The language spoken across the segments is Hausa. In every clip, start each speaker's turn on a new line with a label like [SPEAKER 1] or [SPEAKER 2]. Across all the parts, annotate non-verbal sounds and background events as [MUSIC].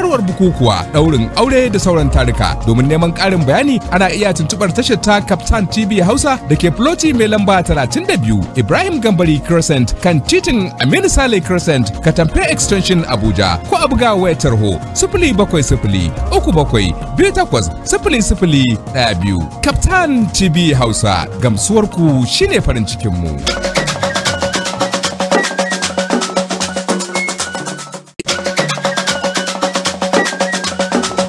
[SPEAKER 1] tunarwar bukukuwa daurin aure da sauran tarika domin neman karin bayani ana iya tuntubar tashar ta captain tv hausa da ke floti mai lamba 32 ibrahim gambari crescent kan titin aminu sale crescent katamfe extension abuja ko a buga wayar tarho 07037 biyu captain tv hausa gamsuwar ku shine farin cikin mu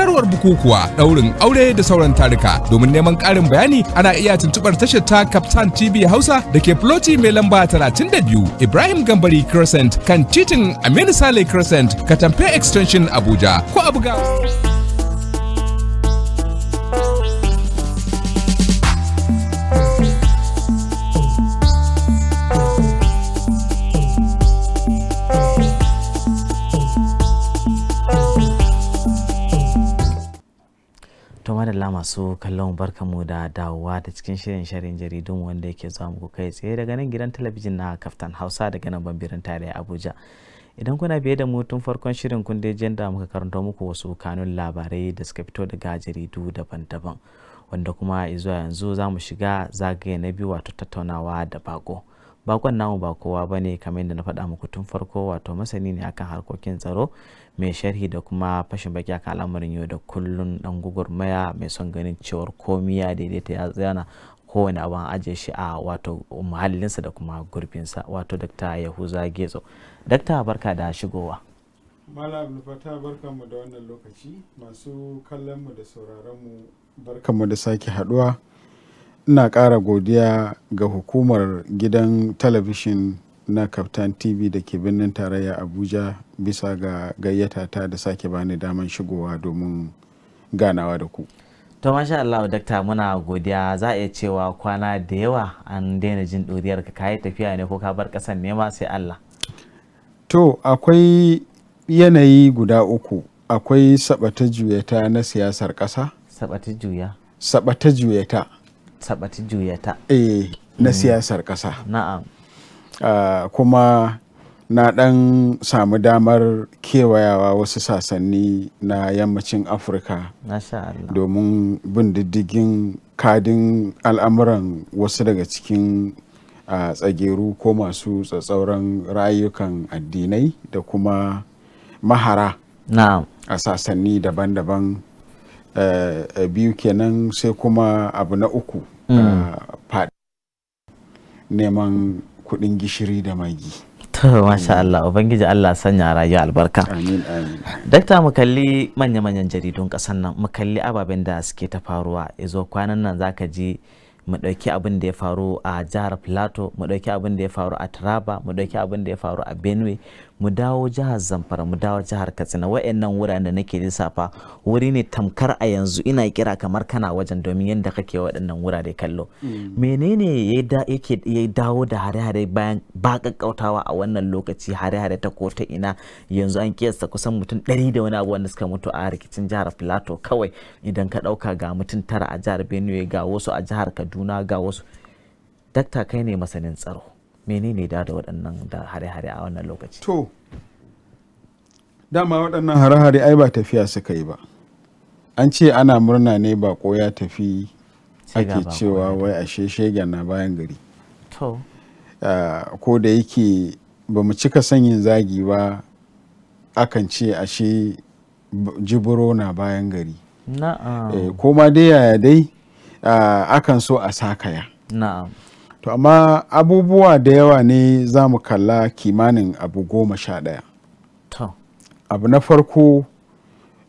[SPEAKER 1] sanarwar bukukuwa daurin aure da sauran tarika domin neman karin bayani ana iya tuntubar tashar ta captain tv hausa da ke floti mai lamba 32 ibrahim gambari crescent kan titin aminu sale crescent katamfe extension abuja ko abuja
[SPEAKER 2] masu kallon barkamu da dawowa da cikin shirin shirin jaridun wanda yake zuwa muku kai tsaye daga nan gidan talabijin na kaftan hausa daga nan bambirin tare abuja idan kuna biye da mu tun farkon shirin kun dai da muka karanta muku wasu kanun labarai da suka fito daga jaridu daban-daban wanda kuma zuwa yanzu za mu shiga zagaye na biyu wato tattaunawa da bako bakon namu ba kowa ba ne kamar yadda na faɗa muku tun farko wato masani ne akan harkokin tsaro mai sharhi da kuma fashin baki akan al'amarin yau da kullun dan maya mai son ganin cewar komi ya daidaita ya tsayana kowane abin ajiye shi a wato muhallinsa da kuma gurbinsa wato dakta yahuza getso dakta barka
[SPEAKER 3] da shigowa malam barka barkanmu da wannan lokaci masu kallonmu da sauraronmu barkanmu da sake haduwa ina kara godiya ga hukumar gidan talabishin na Kaftan TV da ke birnin tarayya Abuja bisa ga gayyata ta da sake bani daman shigowa domin ganawa da ku.
[SPEAKER 2] To masha Allah dakta muna godiya za a iya cewa kwana da yawa an daina jin ɗoriyar ka kayi tafiya ne ko ka bar ƙasar nema sai Allah.
[SPEAKER 3] To akwai yanayi guda uku akwai sabata juyata na siyasar ƙasa. Sabata juya. Sabata juyata. Sabata juyata. Eh na mm. siyasar ƙasa. Na'am. Ah, kuma na ɗan samu damar kewayawa wasu sasanni na yammacin afirka domin bin diddigin kadin al'amuran wasu daga cikin ah, tsageru ko masu tsatsauran rayukan addinai da kuma mahara a sasanni daban-daban eh, biyu kenan sai kuma abu na uku mm. ah, neman kuɗin gishiri da magi
[SPEAKER 2] to masha Allah ubangiji Allah sanya rayuwa albarka amin amin dakta mu kalli manya-manyan jaridun ƙasar nan mu kalli ababen da suke ta faruwa izo kwanan nan zaka ji mu ɗauki abin da ya faru a jihar plateau mu ɗauki abin da ya faru a taraba mu ɗauki abin da ya faru a benue mu dawo jihar zamfara mu dawo jihar katsina wa'annan wuraren da nake lissafa wuri ne tamkar a yanzu ina kira kamar kana wajen domin yadda kake waɗannan wurare kallo mm. menene yake ya dawo da hare-hare bayan ba a wannan lokaci hare-hare ta ko ta ina yanzu an kiyasta kusan mutum ɗari da wani abu wanda suka mutu a rikicin jihar filato kawai idan ka ɗauka ga mutum tara a jihar benue ga wasu a jihar kaduna ga wasu dakta kai ne masanin tsaro menene da da waɗannan da hare-hare a wannan lokaci to
[SPEAKER 3] dama waɗannan hare-hare ai ba tafiya suka yi ba an ce ana murna ne ba ya tafi ake cewa wai ashe shege na bayan gari to ko da yake ba mu cika sanyin zagi ba akan ce ashe jibiro na bayan gari
[SPEAKER 4] na'am
[SPEAKER 3] eh, ko ma dai yaya dai akan so a sakaya na'am to amma abubuwa da yawa ne za mu kalla kimanin abu goma sha ɗaya abu na farko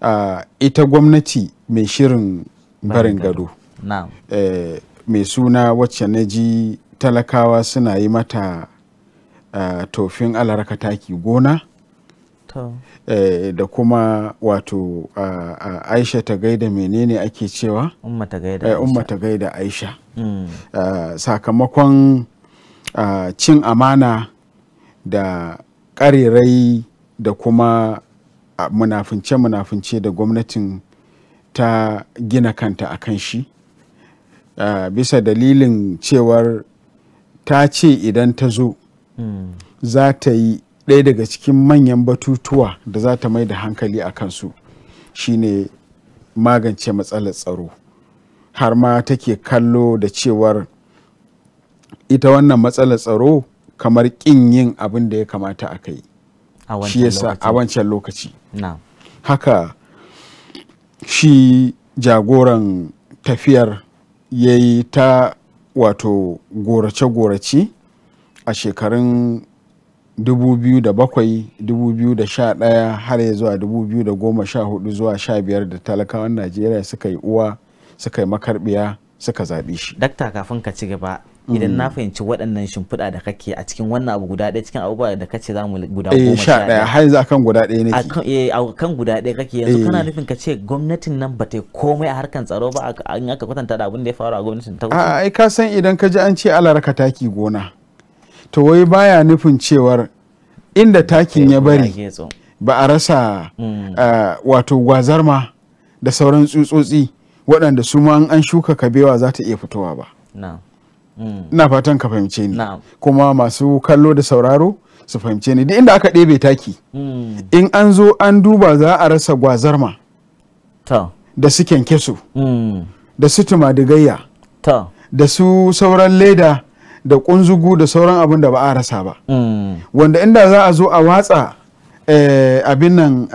[SPEAKER 3] uh, ita gwamnati mai shirin barin gado eh, mai suna wacce na ji talakawa suna yi mata uh, tofin alaraka taki gona eh, da kuma wato uh, uh, aisha ta gaida menene ake cewa umma ta gaida eh, aisha Eh, sakamakon eh, cin amana da ƙarerai da kuma ah, munafunce-munafunce da gwamnatin ta gina kanta a kan shi eh, bisa dalilin cewar ta ce idan ta zo za ta yi ɗaya daga cikin manyan batutuwa da za ta mai da hankali a kansu shine magance matsalar tsaro har ma take kallo da cewar ita wannan matsalar tsaro kamar kin yin abin da ya kamata a kai shi yasa a wancan lokaci haka shi jagoran tafiyar ya yi ta wato gorace-gorace a shekarun 2007 2011 har ya zuwa 2014 zuwa 15 da talakawan najeriya suka yi uwa suka yi makarbiya suka zaɓi shi.
[SPEAKER 2] Dakta kafin ka ci gaba idan na mm. fahimci waɗannan shimfiɗa da kake a cikin wannan abu guda ɗaya cikin abubuwa da kace za mu guda eh, goma sha ɗaya har
[SPEAKER 3] yanzu akan guda ɗaya ne
[SPEAKER 2] eh, a kan guda ɗaya kake yanzu eh. kana nufin ka ce gwamnatin nan ba ta komai a harkan tsaro ba an aka kwatanta da abin da ya faru a gwamnatin ta a
[SPEAKER 3] ai ka san idan ka ji an ce ala raka taki gona to wai baya nufin cewar inda takin ya bari ba a rasa mm. ah, wato gwazarma da sauran tsutsotsi waɗanda su ma an shuka kabewa za ta iya fitowa ba
[SPEAKER 2] mm.
[SPEAKER 3] ina fatan ka fahimce ni kuma masu kallo da sauraro su fahimce ni duk inda aka ɗebe taki mm. in an zo an duba za a rasa gwazarma da su kyankyaso mm. da su tumadigayya da su sauran leda da kunzugu da sauran abin da ba a rasa ba wanda inda za a zo a watsa Eh, abin nan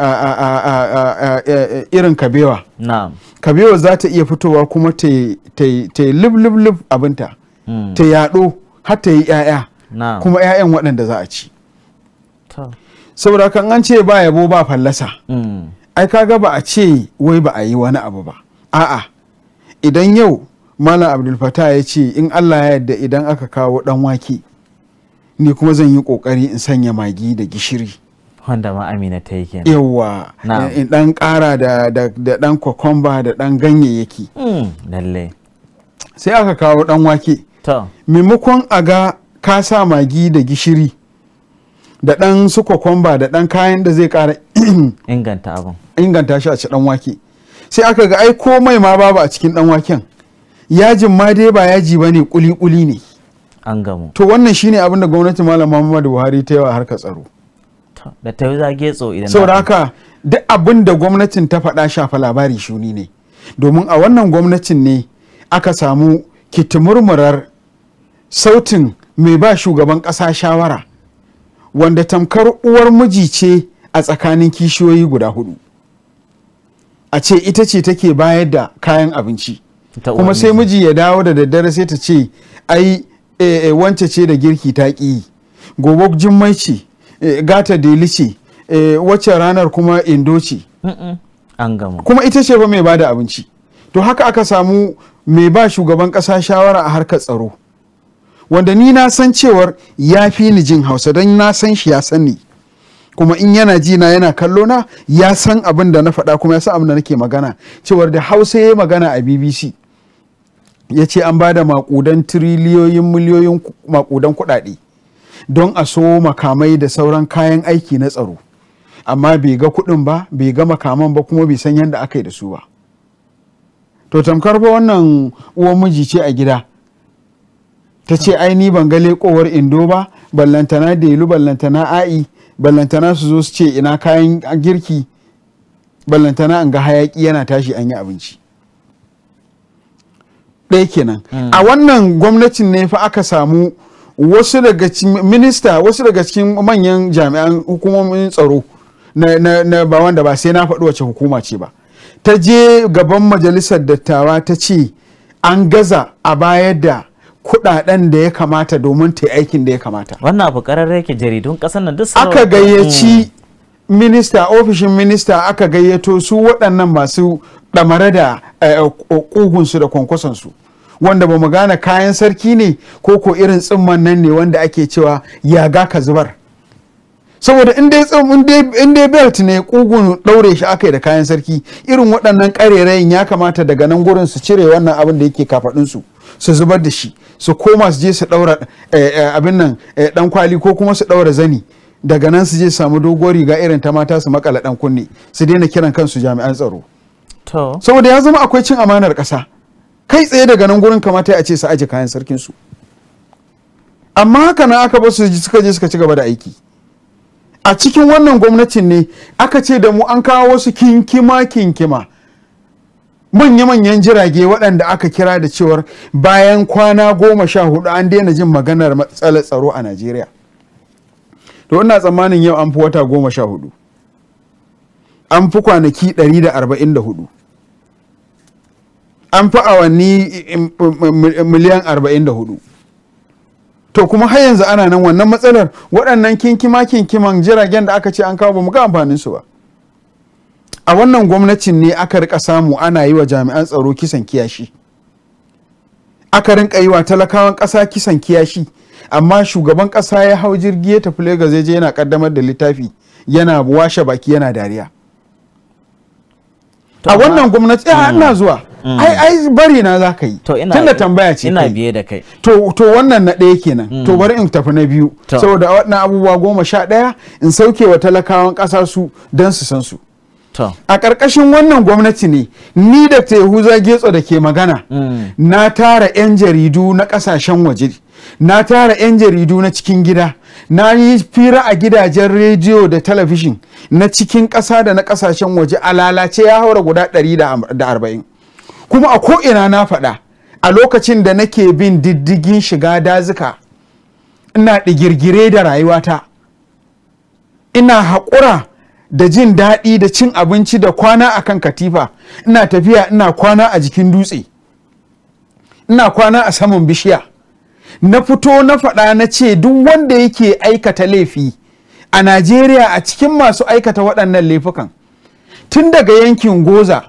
[SPEAKER 3] irin kabewa kabewa za ta iya fitowa kuma ta yi lub-lub-lub abinta hmm. ta yaɗo har ta yi 'ya'ya kuma 'ya'yan waɗanda za a ci saboda kan an ce ba yabo ba fallasa hmm. ai kaga ba a ce wai ba a yi wani abu ba a'a idan yau malam abdul ya ce in allah ya yadda idan aka kawo dan wake ni kuma zan yi kokari in sanya magi da gishiri wanda ma amina ta yi kenan yawa eh, in dan kara da da dan kokomba da dan ganyayyaki hmm, lalle sai aka kawo dan wake maimakon a ga ka sa magi da gishiri da dan su kokomba da dan kayan da zai kara [COUGHS] inganta abin inganta shi a ci dan wake sai aka ga ai komai ma babu a cikin dan waken yajin ma dai ba yaji bane kuli kuli ne an gamu to wannan shine abin da gwamnati malam Muhammadu Buhari ta yi wa harkar tsaro da ta yi
[SPEAKER 2] zage tso idan so
[SPEAKER 3] haka duk abin da gwamnatin ta faɗa shafa labari shuni ne domin a wannan gwamnatin ne aka samu kitimurmurar sautin mai ba shugaban ƙasa shawara wanda tamkar uwar miji ce a tsakanin kishiyoyi guda hudu a ce ita ce take bayar da kayan abinci kuma sai miji ya dawo da daddare sai ta ce ai eh, eh, wance ce da girki ta ƙi gobe jummai ce Eh, gata deli ce eh, wacce ranar kuma indo ce kuma ita ce fa mai ba da abinci to haka aka samu mai ba shugaban kasa shawara a harkar tsaro wanda ni na san cewar ya fi ni jin hausa don na san shi ya sani kuma in yana ji na yana kallo na ya san abin da na faɗa kuma ya san abin da nake magana cewar da hausa ya magana a bbc ya ce an ba da makudan tiriliyoyin miliyoyin makudan kuɗaɗe don a so makamai da sauran kayan aiki na tsaro amma bai ga kuɗin ba bai ga makaman ba kuma bai san yadda aka yi da su ba to tamkar ba wannan uwan miji ce a gida ta ce ai ni ban ga lekowar indo ba ballantana delu ballantana a'i ballantana su zo su ce ina kayan girki ballantana an ga hayaki yana tashi an yi abinci ɗaya kenan hmm. a wannan gwamnatin ne fa aka samu wasu daga cikin minista wasu daga cikin manyan jami'an hukumomin tsaro na ba wanda ba sai na faɗi wace hukuma ce ba ta je gaban majalisar dattawa ta ce an gaza a bayar da kudaden da ya kamata domin ta aikin da ya kamata wannan abu kararre jaridun
[SPEAKER 2] kasar nan duk aka gayyaci
[SPEAKER 3] minista ofishin minista aka gayyato su waɗannan masu ɗamare da eh, ƙugunsu da kwankwasonsu. wanda ba mu gane kayan sarki ne ko ko irin tsimman nan ne wanda ake cewa ya ga ka zubar saboda in dai belt ne kugun daure shi aka yi da kayan sarki irin waɗannan ƙarerayin ya kamata daga nan gurin su cire wannan abin da yake kafaɗinsu su zubar da shi su koma su je su ɗaura eh, eh, abin nan eh, ɗan kwali ko kuma su ɗaura zani daga nan su je samu doguwar riga irin ta mata su makala ɗan kunne su daina kiran kansu jami'an tsaro saboda ya zama akwai cin amanar ƙasa kai tsaye daga nan gurin kamata a ce su aje kayan sarkin su amma haka na aka ba su suka je suka ci gaba da aiki a cikin wannan gwamnatin ne aka ce da mu an kawo wasu kinkima kinkima manya-manyan jirage waɗanda aka kira da cewar bayan kwana goma sha hudu an daina jin maganar matsalar tsaro a najeriya to ina tsammanin yau an fi wata goma sha hudu an fi kwanaki ɗari da da arba'in hudu an fi awanni eh, eh, eh, miliyan 44 to kuma har yanzu ana nan wannan matsalar waɗannan kinkima kinkiman jiragen da aka ce an kawo ba mu ga amfanin su ba a wannan gwamnatin ne aka rika samu ana yi wa jami'an tsaro kisan kiyashi aka rinka yi wa talakawan ƙasa kisan kiyashi amma shugaban ƙasa ya hau jirgi ya tafi Legas ya je yana kaddamar da littafi yana washe baki yana dariya a wannan gwamnati ya eh, mm. ina zuwa mm. ai ai bari na za ka yi da tambaya ce ina biye da kai to to wannan na ɗaya kenan to mm. bari in tafi na biyu saboda wannan abubuwa goma sha ɗaya in sauke wa talakawan ƙasa su don su san su a ƙarƙashin wannan gwamnati ne ni da yahuza getso da ke magana na tara 'yan jaridu na ƙasashen waje na tara 'yan jaridu na cikin gida na yi fira a gidajen rediyo da talabijin na cikin ƙasa da na ƙasashen waje a lalace ya haura guda 140 kuma a ko'ina na faɗa a lokacin da nake bin diddigin shiga dazuka ina ɗigirgire da rayuwata ina haƙura da jin daɗi da cin abinci da kwana a kan katifa ina tafiya ina kwana a jikin dutse ina kwana a saman bishiya na fito na faɗa na ce duk wanda yake aikata laifi a najeriya a cikin masu aikata waɗannan laifukan tun daga yankin goza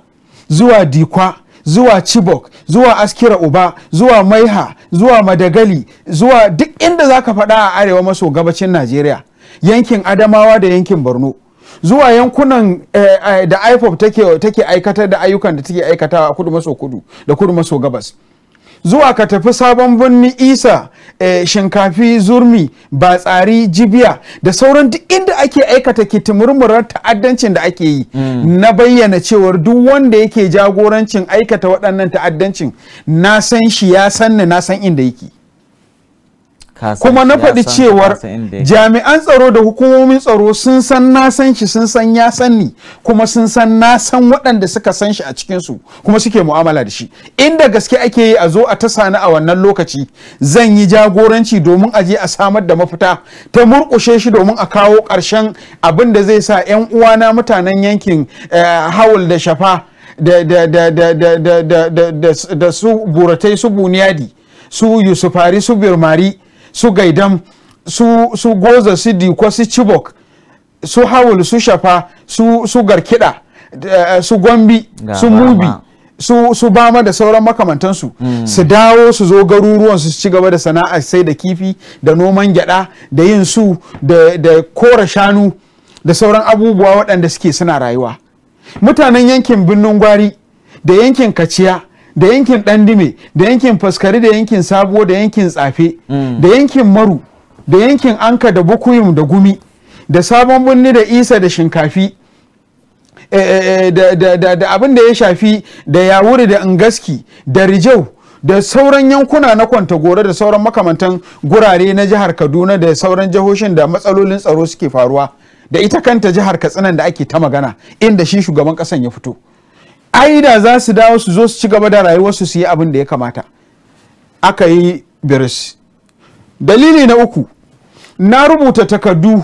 [SPEAKER 3] zuwa dikwa zuwa chibok zuwa askira uba zuwa maiha zuwa madagali zuwa duk inda zaka ka faɗa a arewa maso gabacin najeriya yankin adamawa da yankin borno zuwa yankunan eh, eh, da ipop take aikatar da ayyukan da take aikatawa a kudu maso kudu da kudu maso gabas zuwa ka tafi sabon birni isa e, shinkafi zurmi ba tsari jibiya da sauran duk inda ake aikata kitimurmurar ta'addancin da ake yi mm. na bayyana cewar duk wanda yake jagorancin aikata waɗannan ta'addancin na san shi ya sanni na san inda yake
[SPEAKER 4] kuma na faɗi cewar
[SPEAKER 3] jami'an tsaro da hukumomin tsaro sun san na san shi sun san ya sanni kuma sun san na san waɗanda suka san shi a cikinsu kuma suke mu'amala da shi inda gaske ake yi a zo a ta sani a wannan lokaci zan yi jagoranci domin a je a samar da mafita ta murƙushe shi domin a kawo ƙarshen abin da zai sa 'yan uwana mutanen yankin eh, hawul da shafa da su buratai su buniyadi su yusufari su birmari su gaidan su, goza su diko su chibok su hawul su shafa su, garkida eh, su gombi su mubi su, bama da sauran makamantansu hmm. su dawo su zo garuruwan su ci gaba da sana'a sai da kifi da noman gyada da yin su da, da kora shanu da sauran abubuwa waɗanda suke suna rayuwa mutanen yankin birnin gwari da yankin kaciya da yankin ɗandime da yankin faskari da yankin sabuwa da yankin tsafe mm. da yankin maru da yankin anka da bukuyum da gumi da sabon birni da isa da shinkafi eh, eh, eh, da abin da ya shafi da yawuri da ingaski da rijau da sauran yankuna na kwantagora da sauran makamantan gurare na jihar kaduna da sauran jihohin da matsalolin tsaro suke faruwa da ita kanta jihar katsinan da ake ta magana inda shi shugaban kasan ya fito aida za su dawo su zo su ci gaba da rayuwarsu su yi abin da ya kamata aka yi biris dalili na uku na rubuta takardu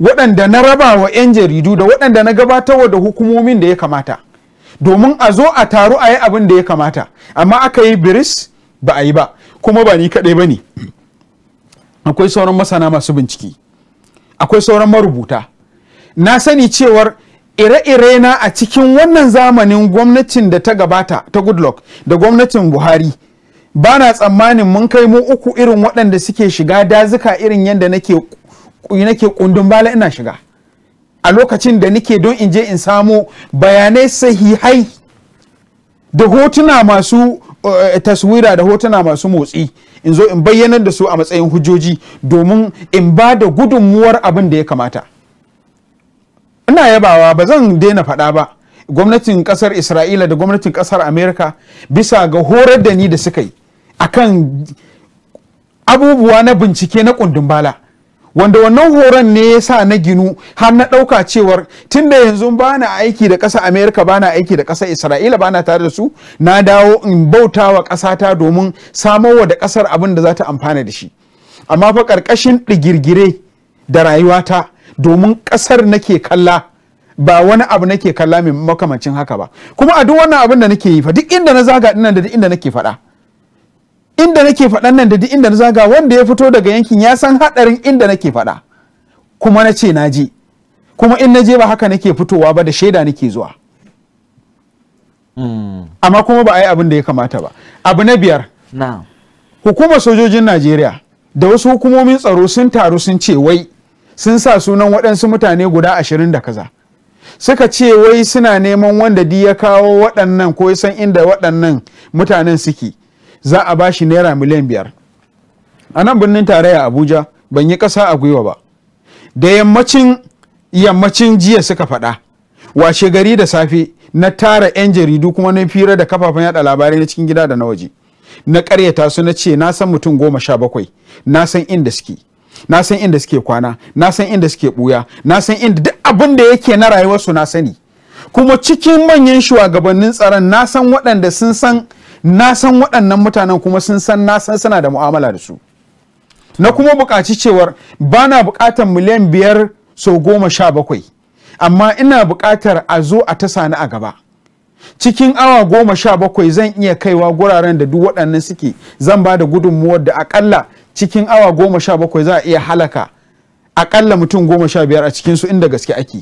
[SPEAKER 3] waɗanda na raba wa 'yan jaridu da waɗanda na gabatarwa da hukumomin da ya kamata domin a zo a taru a yi abin da ya kamata amma aka yi biris ba a yi ba kuma ba ni kaɗai ba ne akwai sauran masana masu bincike akwai sauran marubuta na sani cewar ire-ire na a cikin wannan zamanin gwamnatin da ta gabata ta goodluck da gwamnatin buhari ba na tsammanin mun kai mu uku irin waɗanda suke shiga dazuka irin yadda nake kundin bala ina shiga a lokacin da nake don in je in samo bayanai sahihai da hotuna masu eh, taswira da hotuna masu motsi in zo in bayyanar da su a matsayin hujjoji domin in ba da gudunmuwar abin da ya kamata ina yabawa ba zan daina faɗa ba gwamnatin ƙasar isra'ila da gwamnatin ƙasar amerika bisa ga horar da ni da suka yi akan abubuwa na bincike na kundin bala wanda wannan horon ne ya sa na ginu har na ɗauka cewar tun da yanzu ba na aiki da ƙasa amerika ba na aiki da ƙasa isra'ila ba na tare da su na dawo in bauta bautawa ƙasata domin samowa da ƙasar abin da za ta amfana da shi amma fa ƙarƙashin ɗigirgire da rayuwata domin ƙasar nake kalla ba wani abu nake kalla mai makamancin haka ba kuma a duk wannan abin da nake yi fa duk inda na zaga da inda nake faɗa inda nake faɗan nan da duk inda na zaga wanda ya fito daga yankin ya san haɗarin inda nake faɗa kuma na ce na je kuma in na ba haka nake fitowa ba da shaida nake zuwa hmm. amma kuma ba a yi abin da ya kamata ba abu na biyar hukumar sojojin najeriya da wasu hukumomin tsaro sun taru sun ce wai sun sa sunan waɗansu mutane guda ashirin da kaza suka ce wai suna neman wanda di ya kawo waɗannan ko san inda waɗannan mutanen suke za a ba shi naira miliyan biyar a nan birnin tarayya abuja ban yi ƙasa a gwiwa ba da yammacin yammacin jiya suka faɗa washe gari da safe na tara 'yan jaridu kuma na fira da kafafen yada labarai na cikin gida da na waje na karyata su na ce na san mutum goma sha bakwai na san inda suke na san inda suke kwana na san inda suke buya na san inda duk abin da yake na rayuwarsu na sani kuma cikin manyan shugabannin tsaron na san waɗanda sun san na san waɗannan mutanen kuma sun san na san suna da mu'amala da su na kuma buƙaci cewar ba na buƙatar miliyan biyar sau goma sha bakwai amma ina buƙatar a zo a ta sani a gaba cikin awa goma sha bakwai zan iya kaiwa guraren da duk waɗannan suke zan ba da gudunmuwar da akalla cikin awa goma sha bakwai za a iya halaka akalla mutum goma sha biyar a su inda gaske ake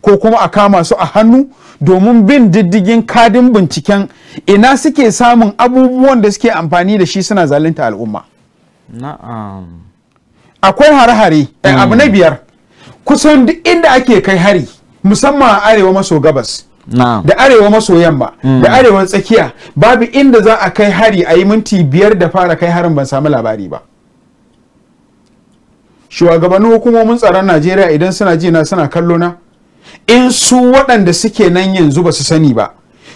[SPEAKER 3] ko kuma a kama su a hannu domin bin diddigin kadin binciken ina suke samun abubuwan da suke amfani da shi suna zalunta al'umma akwai hare-hare eh, mm. abu na biyar kusan duk inda ake kai hari musamman a arewa maso gabas da arewa maso yamma mm. da arewa tsakiya babu inda za a kai hari a yi minti biyar da fara kai harin ban samu labari ba shugabannin hukumomin tsaron najeriya idan suna ji na suna kallo na in su waɗanda suke nan yanzu ba su sani ba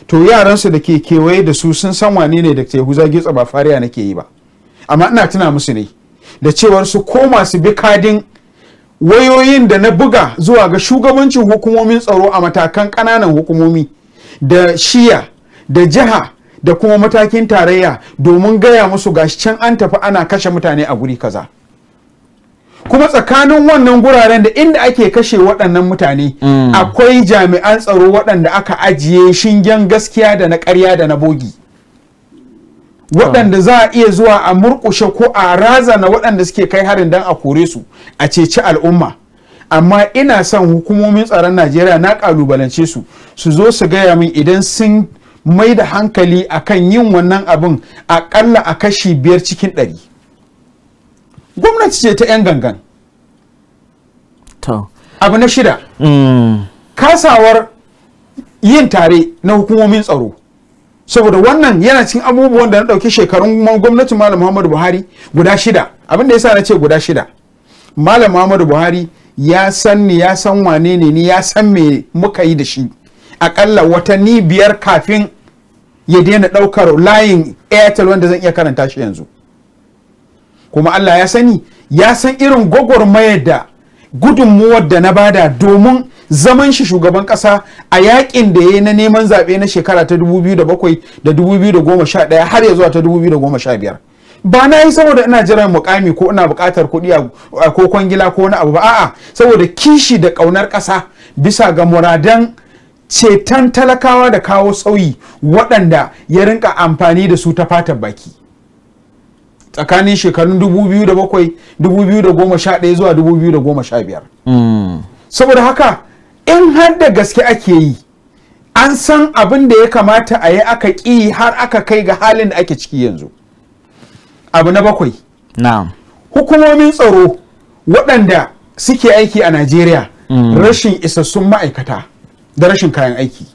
[SPEAKER 3] to yaransu da ke kewaye da su sun san wane ne da yahuza gitsa ba fariya nake yi ba amma ina tuna musu ne da cewar su koma su bi kadin wayoyin da na buga zuwa ga shugabancin hukumomin tsaro a matakan ƙananan hukumomi da shiya da jiha da kuma matakin tarayya domin gaya musu gashi can an tafi ana kashe mutane a guri kaza. kuma tsakanin wannan guraren da inda ake kashe waɗannan mutane mm. akwai jami'an tsaro waɗanda aka ajiye shingen gaskiya da na ƙarya da na bogi waɗanda za'a ah. za a iya zuwa a murƙushe ko a razana waɗanda suke kai harin don a kore su a ceci al'umma amma ina son hukumomin tsaron najeriya na ƙalubalance su su zo su gaya min idan sun mai da hankali akan yin wannan abin aƙalla a kashi biyar cikin ɗari gwamnati ce ta 'yan gangan abu na shida mm. kasawar yin tare na hukumomin tsaro saboda wannan yana cikin abubuwan da na ɗauki shekarun gwamnati malam muhammadu buhari guda shida abin da sa na ce guda shida malam muhammadu buhari ya san ni ya san wane ne ni ya san me muka yi da shi akalla watanni biyar kafin ya daina ɗaukar layin airtel wanda zan iya karanta shi yanzu kuma Allah ya sani ya san irin gwagwarmayar da gudunmuwar da na bada domin zaman shi shugaban kasa a yakin da ya yi na neman zaɓe na shekara ta 2007 da 2011 har ya zuwa ta 2015 ba na yi saboda ina jiran mukami ko ina buƙatar kuɗi ko kwangila ko wani abu ba a'a saboda kishi da ƙaunar ƙasa bisa ga muradan ceton talakawa da kawo sauyi waɗanda ya rinka amfani da su ta fatar baki tsakanin shekarun 2007 2011 zuwa 2015 hmm. saboda haka in har da gaske ake yi an san abin da ya kamata a yi aka ƙi har aka kai ga halin da ake ciki yanzu abu na bakwai hukumomin tsaro waɗanda suke aiki a najeriya hmm. rashin isassun ma'aikata da rashin kayan aiki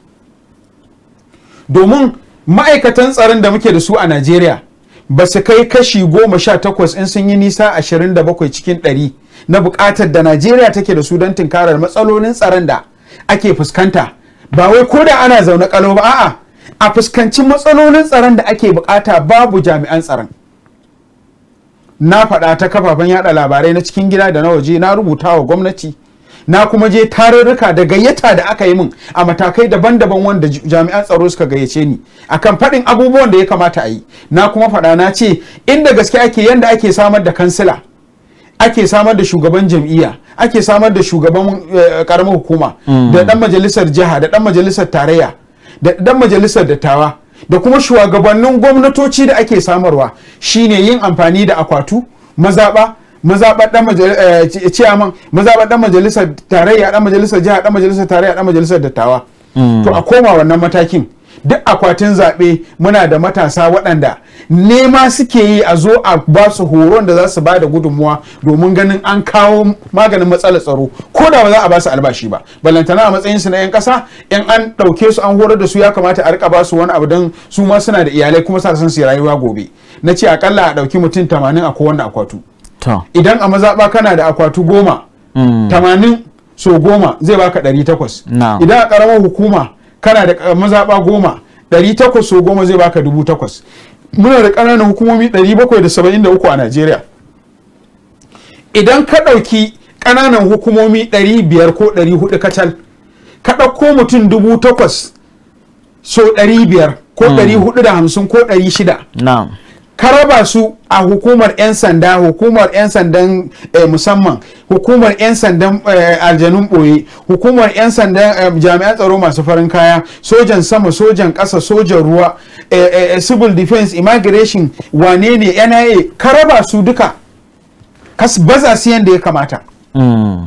[SPEAKER 3] domin ma'aikatan tsaron da muke da su a najeriya ba su kai kashi goma sha takwas in sun yi nisa ashirin da bakwai cikin ɗari na buƙatar da najeriya take da su don tunkarar matsalolin tsaron da ake fuskanta ba wai ko da ana zaune kalo ba a'a a fuskanci matsalolin tsaron da ake bukata babu jami'an tsaron na faɗa ta kafafen yada labarai na cikin gida da na waje na rubuta wa gwamnati na kuma je tarurruka da gayyata da aka yi min a matakai daban-daban wanda jami'an tsaro suka gayyace ni akan faɗin abubuwan da ya kamata a yi na kuma faɗa na ce inda gaske ake yanda ake samar da kansila ake samar da shugaban jam'iyya ake samar da shugaban karamar eh, hukuma mm. da dan majalisar jiha da dan majalisar tarayya da dan majalisar dattawa da kuma shugabannin gwamnatoci da ake samarwa shine yin amfani da akwatu mazaɓa mazaɓar ɗan majalisar eh, ciyaman mazaɓar ɗan majalisar tarayya ɗan majalisar jiha ɗan majalisar tarayya ɗan majalisar dattawa hmm. to a koma wannan matakin duk akwatin zaɓe muna da matasa waɗanda nema suke yi a zo a ba su horon da za su ba da gudunmuwa domin ganin an kawo maganin matsalar tsaro ko da ba za a ba su albashi ba balantana a matsayin su na 'yan ƙasa in an ɗauke su an horar da su ya kamata a rika ba su wani abu don su ma suna da iyalai kuma sa san su rayuwa gobe na ce akalla a ɗauki mutum 80 a kowane akwatu idan a mazaɓa kana da akwatu goma mm. tamanin so goma zai baka ɗari takwas idan a ƙaramar hukuma kana da mazaɓa goma ɗari takwas so goma zai baka dubu takwas muna da ƙananan hukumomi ɗari bakwai da saba'in da uku a najeriya idan ka ɗauki ƙananan hukumomi ɗari biyar ko ɗari hudu kacal ka ɗauko mutum dubu takwas so ɗari biyar ko mm. ɗari hudu da hamsin ko ɗari shida karaba su a hukumar 'yan sanda hukumar 'yan sandan eh, musamman hukumar 'yan sandan eh, aljanun boye hukumar 'yan sandan eh, jami'an tsaro masu farin kaya sojan sama sojan ƙasa sojan ruwa civil defense immigration wane ne nia ka raba su duka ka baza su yadda ya kamata hmm.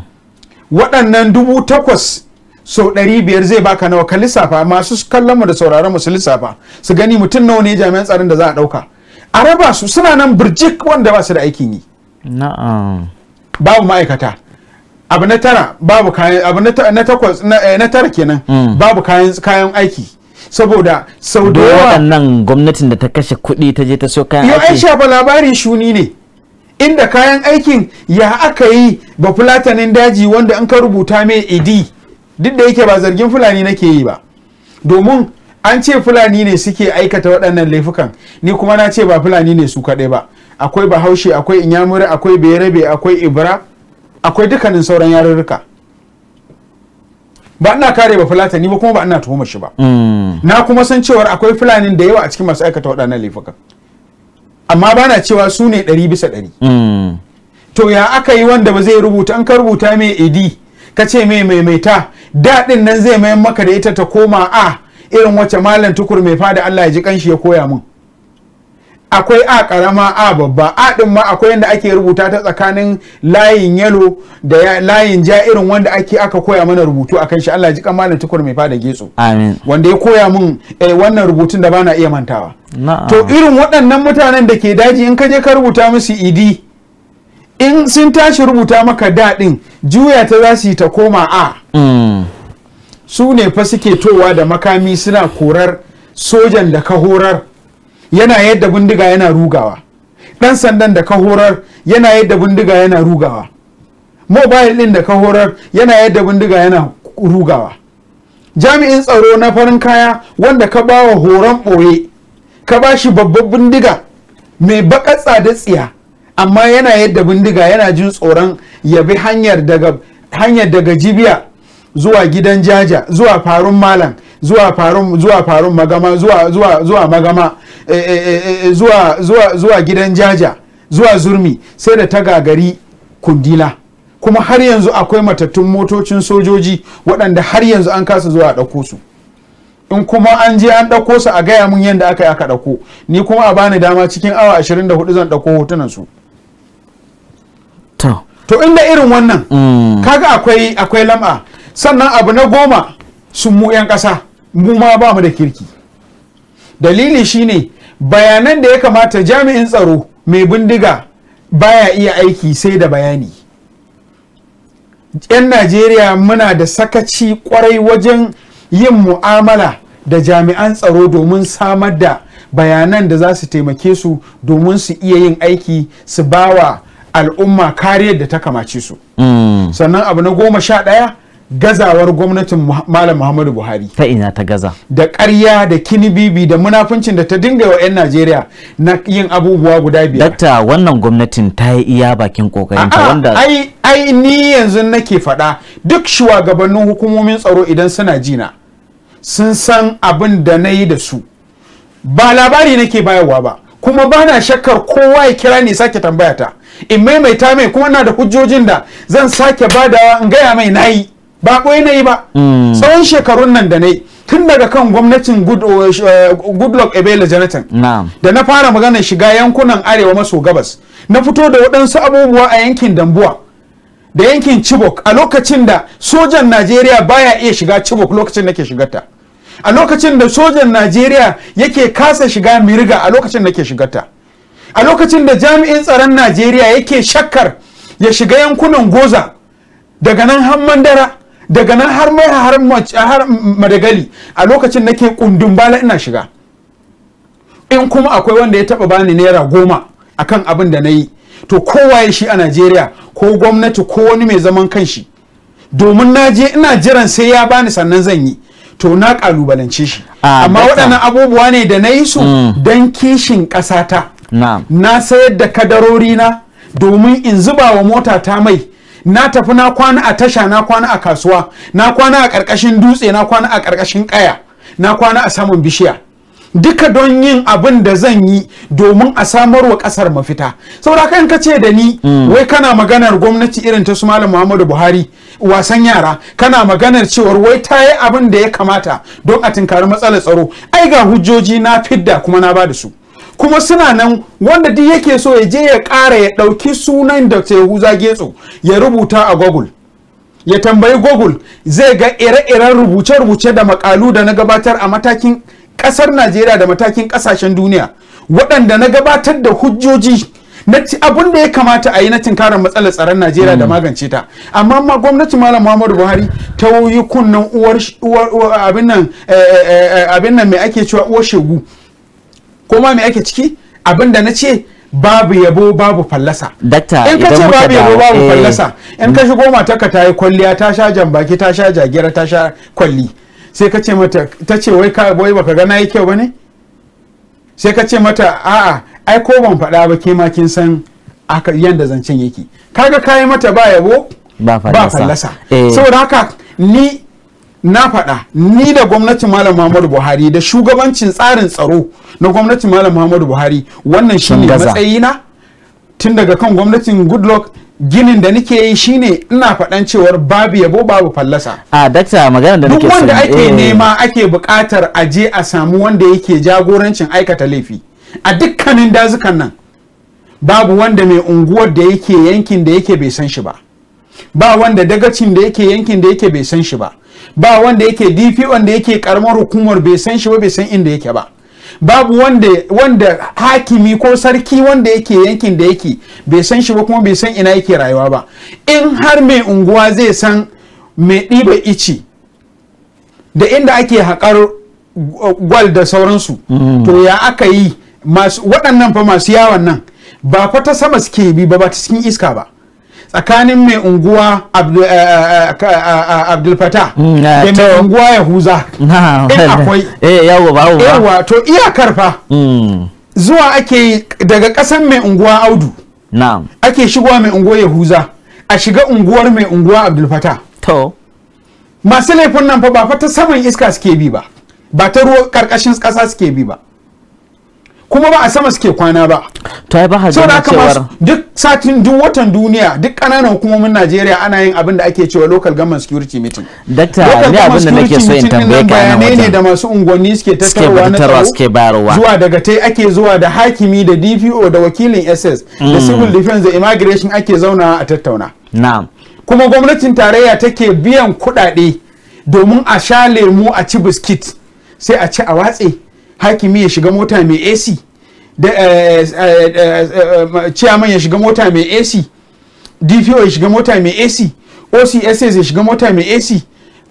[SPEAKER 3] waɗannan dubu takwas sau ɗari biyar zai baka nawa ka lissafa masu kallon mu da sauraron mu su lissafa su gani mutum nawa ne jami'an tsarin da za a ɗauka a raba su suna nan birjik wanda ba su da aikin yi babu ma'aikata abu na tara babu kayan abu na takwas eh, na tara kenan hmm. babu kayan kayan aiki saboda sau da yawa waɗannan
[SPEAKER 2] gwamnatin da ta kashe kuɗi ta je ta so kayan aiki
[SPEAKER 3] ya ba labarin shuni ne inda kayan aikin ya aka yi ba fulatanin daji wanda an ka rubuta mai idi duk da yake ba zargin fulani nake yi ba domin an ce fulani ne suke aikata waɗannan laifukan ni kuma na ce ba fulani ne su kaɗai ba akwai bahaushe akwai inyamuri akwai berebe akwai ibra akwai dukkanin sauran yarurruka ba ina kare ba fulatani ba kuma ba ina tuhuma shi ba
[SPEAKER 4] hmm.
[SPEAKER 3] na kuma san cewar akwai fulanin da yawa a cikin masu aikata waɗannan laifukan amma ba na cewa su ne ɗari bisa ɗari hmm. to ya aka yi wanda ba zai rubuta an ka rubuta mai idi ka ce mai maimaita daɗin nan zai mayan maka da ita ta koma a irin wacce malam tukur mai fada Allah ya ji kanshi ya koya mun akwai a karama a babba a din ma akwai yadda ake rubuta ta tsakanin layin yalo da layin ja irin wanda ake aka koya mana rubutu kan shi Allah ji kan malam tukur mai fada getso amin wanda ya koya mun eh, wannan rubutun da bana iya mantawa to irin waɗannan mutanen da ke daji in ka je ka rubuta musu idi e in sun tashi rubuta maka daɗin juya ta za su yi ta koma a mm. su ne fa suke towa da makami suna korar sojan da ka horar yana yadda bindiga yana rugawa ɗan sandan da ka horar yana yadda bindiga yana rugawa mobile ɗin da ka horar yana yadda bindiga yana rugawa jami'in tsaro na farin kaya wanda ka ba wa horon ɓoye ka ba shi babban bindiga mai bakatsa da tsiya amma yana yadda bindiga yana jin tsoron ya bi hanyar daga hanyar daga jibiya zuwa gidan jaja zuwa farun malam zuwa farun zuwa magama zuwa zuwa magama eh, eh, eh, zuwa zuwa gidan jaja zuwa zurmi sai da ta gagari kundila kuma har yanzu akwai matattun motocin sojoji waɗanda har yanzu an kasa zuwa ɗauko su in kuma an je an ɗauko su a gaya mun yadda aka yi aka ɗauko ni kuma a bani dama cikin awa 24 zan ɗauko hotunan su to inda irin wannan mm. kaga akwai akwai lam'a sannan abu na goma sun mu 'yan ƙasa mu ma ba mu da kirki dalili shine bayanan da ya kamata jami'in tsaro mai bindiga baya iya aiki sai da bayani 'yan najeriya muna da sakaci kwarai wajen yin mu'amala da jami'an tsaro domin samar da bayanan da za su taimake su domin su iya yin aiki su bawa al'umma kariyar da ta kamace su mm. sannan abu na goma sha ɗaya gazawar gwamnatin malam muhammadu buhari ta ina ta gaza da karya da kinibibi da munafuncin da ta dinga wa 'yan najeriya na yin abubuwa guda biyar dakta wannan gwamnatin ta yi iya bakin ta wanda ai ai ni yanzu nake faɗa duk shugabannin hukumomin tsaro idan suna jina sun san abin da na yi da su ba labari nake bayarwa ba kuma ba na shakkar kowa ya kira ni sake tambaya ta in maimaita mai kuma na da hujjojin da zan sake badawa in gaya mai nayi ba ɓoye na yi ba mm. tsawon shekarun nan da na yi tun daga kan gwamnatin uh, uh, goodluck ebele jonathan da na fara magana shiga yankunan arewa maso gabas na fito da waɗansu abubuwa a yankin dambuwa da yankin chibok a lokacin da sojan najeriya baya iya shiga chibok lokacin ke shigarta a lokacin da sojan najeriya yake kasa shiga mirga a lokacin ke shigarta a lokacin da jami'in tsaron najeriya yake shakkar ya shiga yankunan goza daga nan har mandara. daga nan har mai har madagali a lokacin nake kundin bala ina shiga in kuma akwai wanda ya taba bani naira goma akan abin da na yi to kowaye shi a najeriya ko gwamnati ko wani mai zaman kanshi domin na je ina jiran sai ya bani sannan zan yi to na kalubalance shi ah, amma waɗannan abubuwa ne da na yi su mm. don kishin ƙasata na sayar da kadarori na domin in zuba wa mota ta mai na tafi na kwana a tasha na kwana a kasuwa na kwana a karkashin dutse na kwana a karkashin ƙaya na kwana a saman bishiya duka don yin abin da zan yi domin a samar wa kasar mafita saboda kan ka ce da ni mm. wai kana maganar gwamnati irin ta su malam muhammadu buhari wasan yara kana maganar cewar wai ta yi abin da ya kamata don a tinkari matsalar tsaro ai ga hujjoji na fidda kuma na ba da su kuma suna nan wanda duk yake so ya je ya ƙara ya ɗauki sunan da yahuza getso ya rubuta a google ya tambayi google zai ga ire-iren rubuce-rubuce da makalu da na gabatar a matakin ƙasar najeriya da matakin kasashen duniya waɗanda na gabatar da hujjoji na abun da ya kamata a yi na tinkarar matsalar tsaron najeriya da hmm. magance ta amma ma gwamnati malam muhammadu buhari ta wuyi kunnen uwar eh, eh, eh, abin nan mai ake cewa uwar shegu Koma me ake ciki abin da na ce babu yabo babu fallasa dakta in ka ce babu yabo babu eh, fallasa in ka mm. shigo matarka ta yi kwalliya ta sha jambaki ta sha jagira ta sha kwalli sai ka ce mata ta ce wai ka wai baka ga nayi kyau bane sai ka ce mata a'a ai ko ban faɗa ba ke ma kin san aka yanda zancen yake kaga kai mata ba yabo ba fallasa eh. saboda haka ni na faɗa ni da gwamnatin malam muhammadu buhari da shugabancin tsarin tsaro na gwamnatin malam muhammadu buhari wannan shine matsayina tun daga kan gwamnatin goodluck ginin da nake yi shine ina faɗan cewar babu yabo babu fallasa
[SPEAKER 2] a dakta magana da nake wanda ake eh. nema
[SPEAKER 3] ake bukatar a je a samu wanda yake jagorancin aikata laifi a dukkanin dazukan nan babu wanda mai unguwar da yake yankin da yake bai san shi ba ba wanda dagacin da yake yankin da yake bai san shi ba ba wanda yake difi wanda yake karamar hukumar bai san shi ba bai san inda yake ba babu wanda hakimi ko sarki wanda yake yankin da yake bai san shi ba kuma bai san ina yake rayuwa ba in har mai unguwa zai san mai ɗiba ici da inda ake haƙar gwal da sauransu mm. to ya aka yi waɗannan fa masu yawon nan ba fa ta sama suke bi ba ba ta cikin iska ba tsakanin mai unguwa abdul eh, eh, eh, fata mm, da mai unguwa yahuza [LAUGHS] ah, in akwai yawa to iyakar fa mm. zuwa ake daga kasan mai unguwa audu ake shigowa mai unguwa yahuza a shiga unguwar mai unguwa abdul fatah. masu laifin nan fa ba fa ta saman iska suke bi ba ba ta ruwa karkashin kasa suke bi ba kuma ba a sama suke kwana ba to ai ba na cewar duk satin duk watan duniya duk kananan hukumomin Najeriya ana yin abin da ake cewa local government security meeting dakta ne abin da nake so in tambaye ka ne da masu unguwanni suke tattaunawa na suke bayarwa zuwa daga tai ake zuwa da hakimi da DPO da wakilin SS da mm. civil defense da immigration ake zauna a tattauna na'am kuma gwamnatin tarayya take biyan kuɗaɗe domin a sha lemu a ci biskit sai a ci a watse hakimi ya shiga mota mai ac da eh, eh, eh, chairman ya shiga mota mai ac dpo ya shiga mota mai ac ocss ya shiga mota mai ac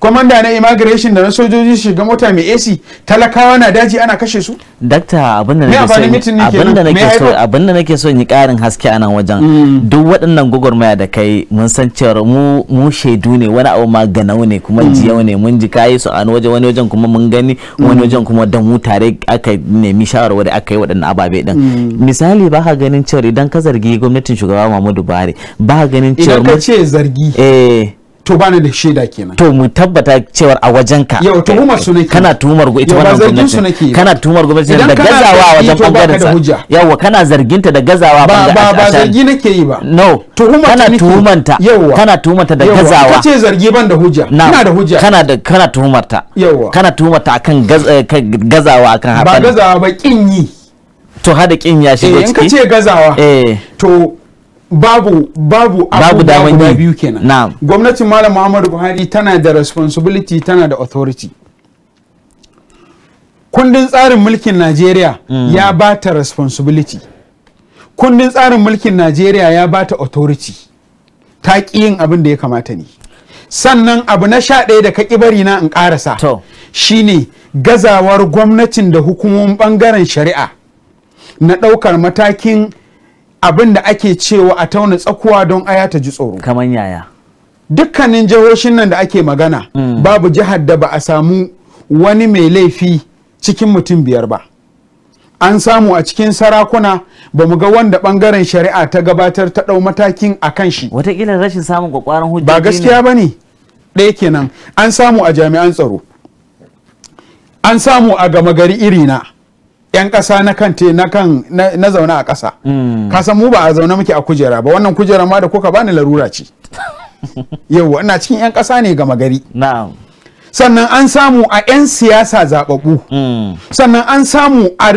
[SPEAKER 3] kwamanda na immigration da na sojoji shiga mota mai ac talakawa na daji ana kashe su dakta abinda nake so abinda nake so
[SPEAKER 2] abinda nake so yi karin haske a nan wajen mm. duk waɗannan gwagwarmaya da kai mun san cewa mu mu shaidu ne wani abu ma ganau ne kuma mm. jiyau ne mun ji kayi su a waje wani wajen kuma mun gani wani mm. wajen kuma da mu tare aka nemi shawarwari aka yi waɗannan ababe din misali ba ka ganin cewa idan ka zargi gwamnatin shugaba Muhammadu Buhari ba ka ganin cewa idan ka ce zargi eh to ba ni da shaida kenan to mu tabbata cewar a wajen ka yau tuhumar su nake kana tuhumar ita wannan gwamnati kana tuhumar gwamnati da gazawa wajen bangaren sa yawa kana zarginta da gazawa ba ba ba zargi
[SPEAKER 3] nake yi ba no tuhumar kana tuhumanta kana tuhumanta da gazawa kace zargi ban da hujja kana da hujja kana
[SPEAKER 2] da kana tuhumarta yawa kana tuhumarta akan eh, gazawa akan hafa ba
[SPEAKER 3] gazawa ba kin yi to hada kin ya shigo eh, ciki in kace gazawa eh to babu babu babu daman yi biyu kenan na'am gwamnatin malam muhammadu buhari tana da responsibility tana da authority kundin tsarin mulkin najeriya mm. ya ba ta responsibility kundin tsarin mulkin najeriya ya ba ta authority ta ƙi yin abin da ya kamata ne sannan abu na sha ɗaya da ka ƙi bari na in ƙarasa shine gazawar gwamnatin da hukumomin ɓangaren shari'a na ɗaukar matakin abin da ake cewa a tauna tsakuwa don aya ta ji tsoro kamar yaya dukkanin jihohin nan da ake magana mm. babu jihar da ba a samu wani mai laifi cikin mutum biyar ba an samu a cikin sarakuna ba mu ga wanda bangaren shari'a ta gabatar ta ɗau matakin a kan shi watakila rashin samun kwakwaran hujjoji ba gaskiya ba ne ɗaya kenan an samu a jami'an tsaro an samu a gama gari irina 'yan ƙasa na kan te na kan na zaune a ƙasa mm. ka san mu ba a zaune muke a kujera ba wannan kujera ma da kuka bani larura ce [LAUGHS] yauwa ina cikin 'yan ƙasa ne gama gari na'am sannan an samu a 'yan siyasa zababbu mm. sannan an samu a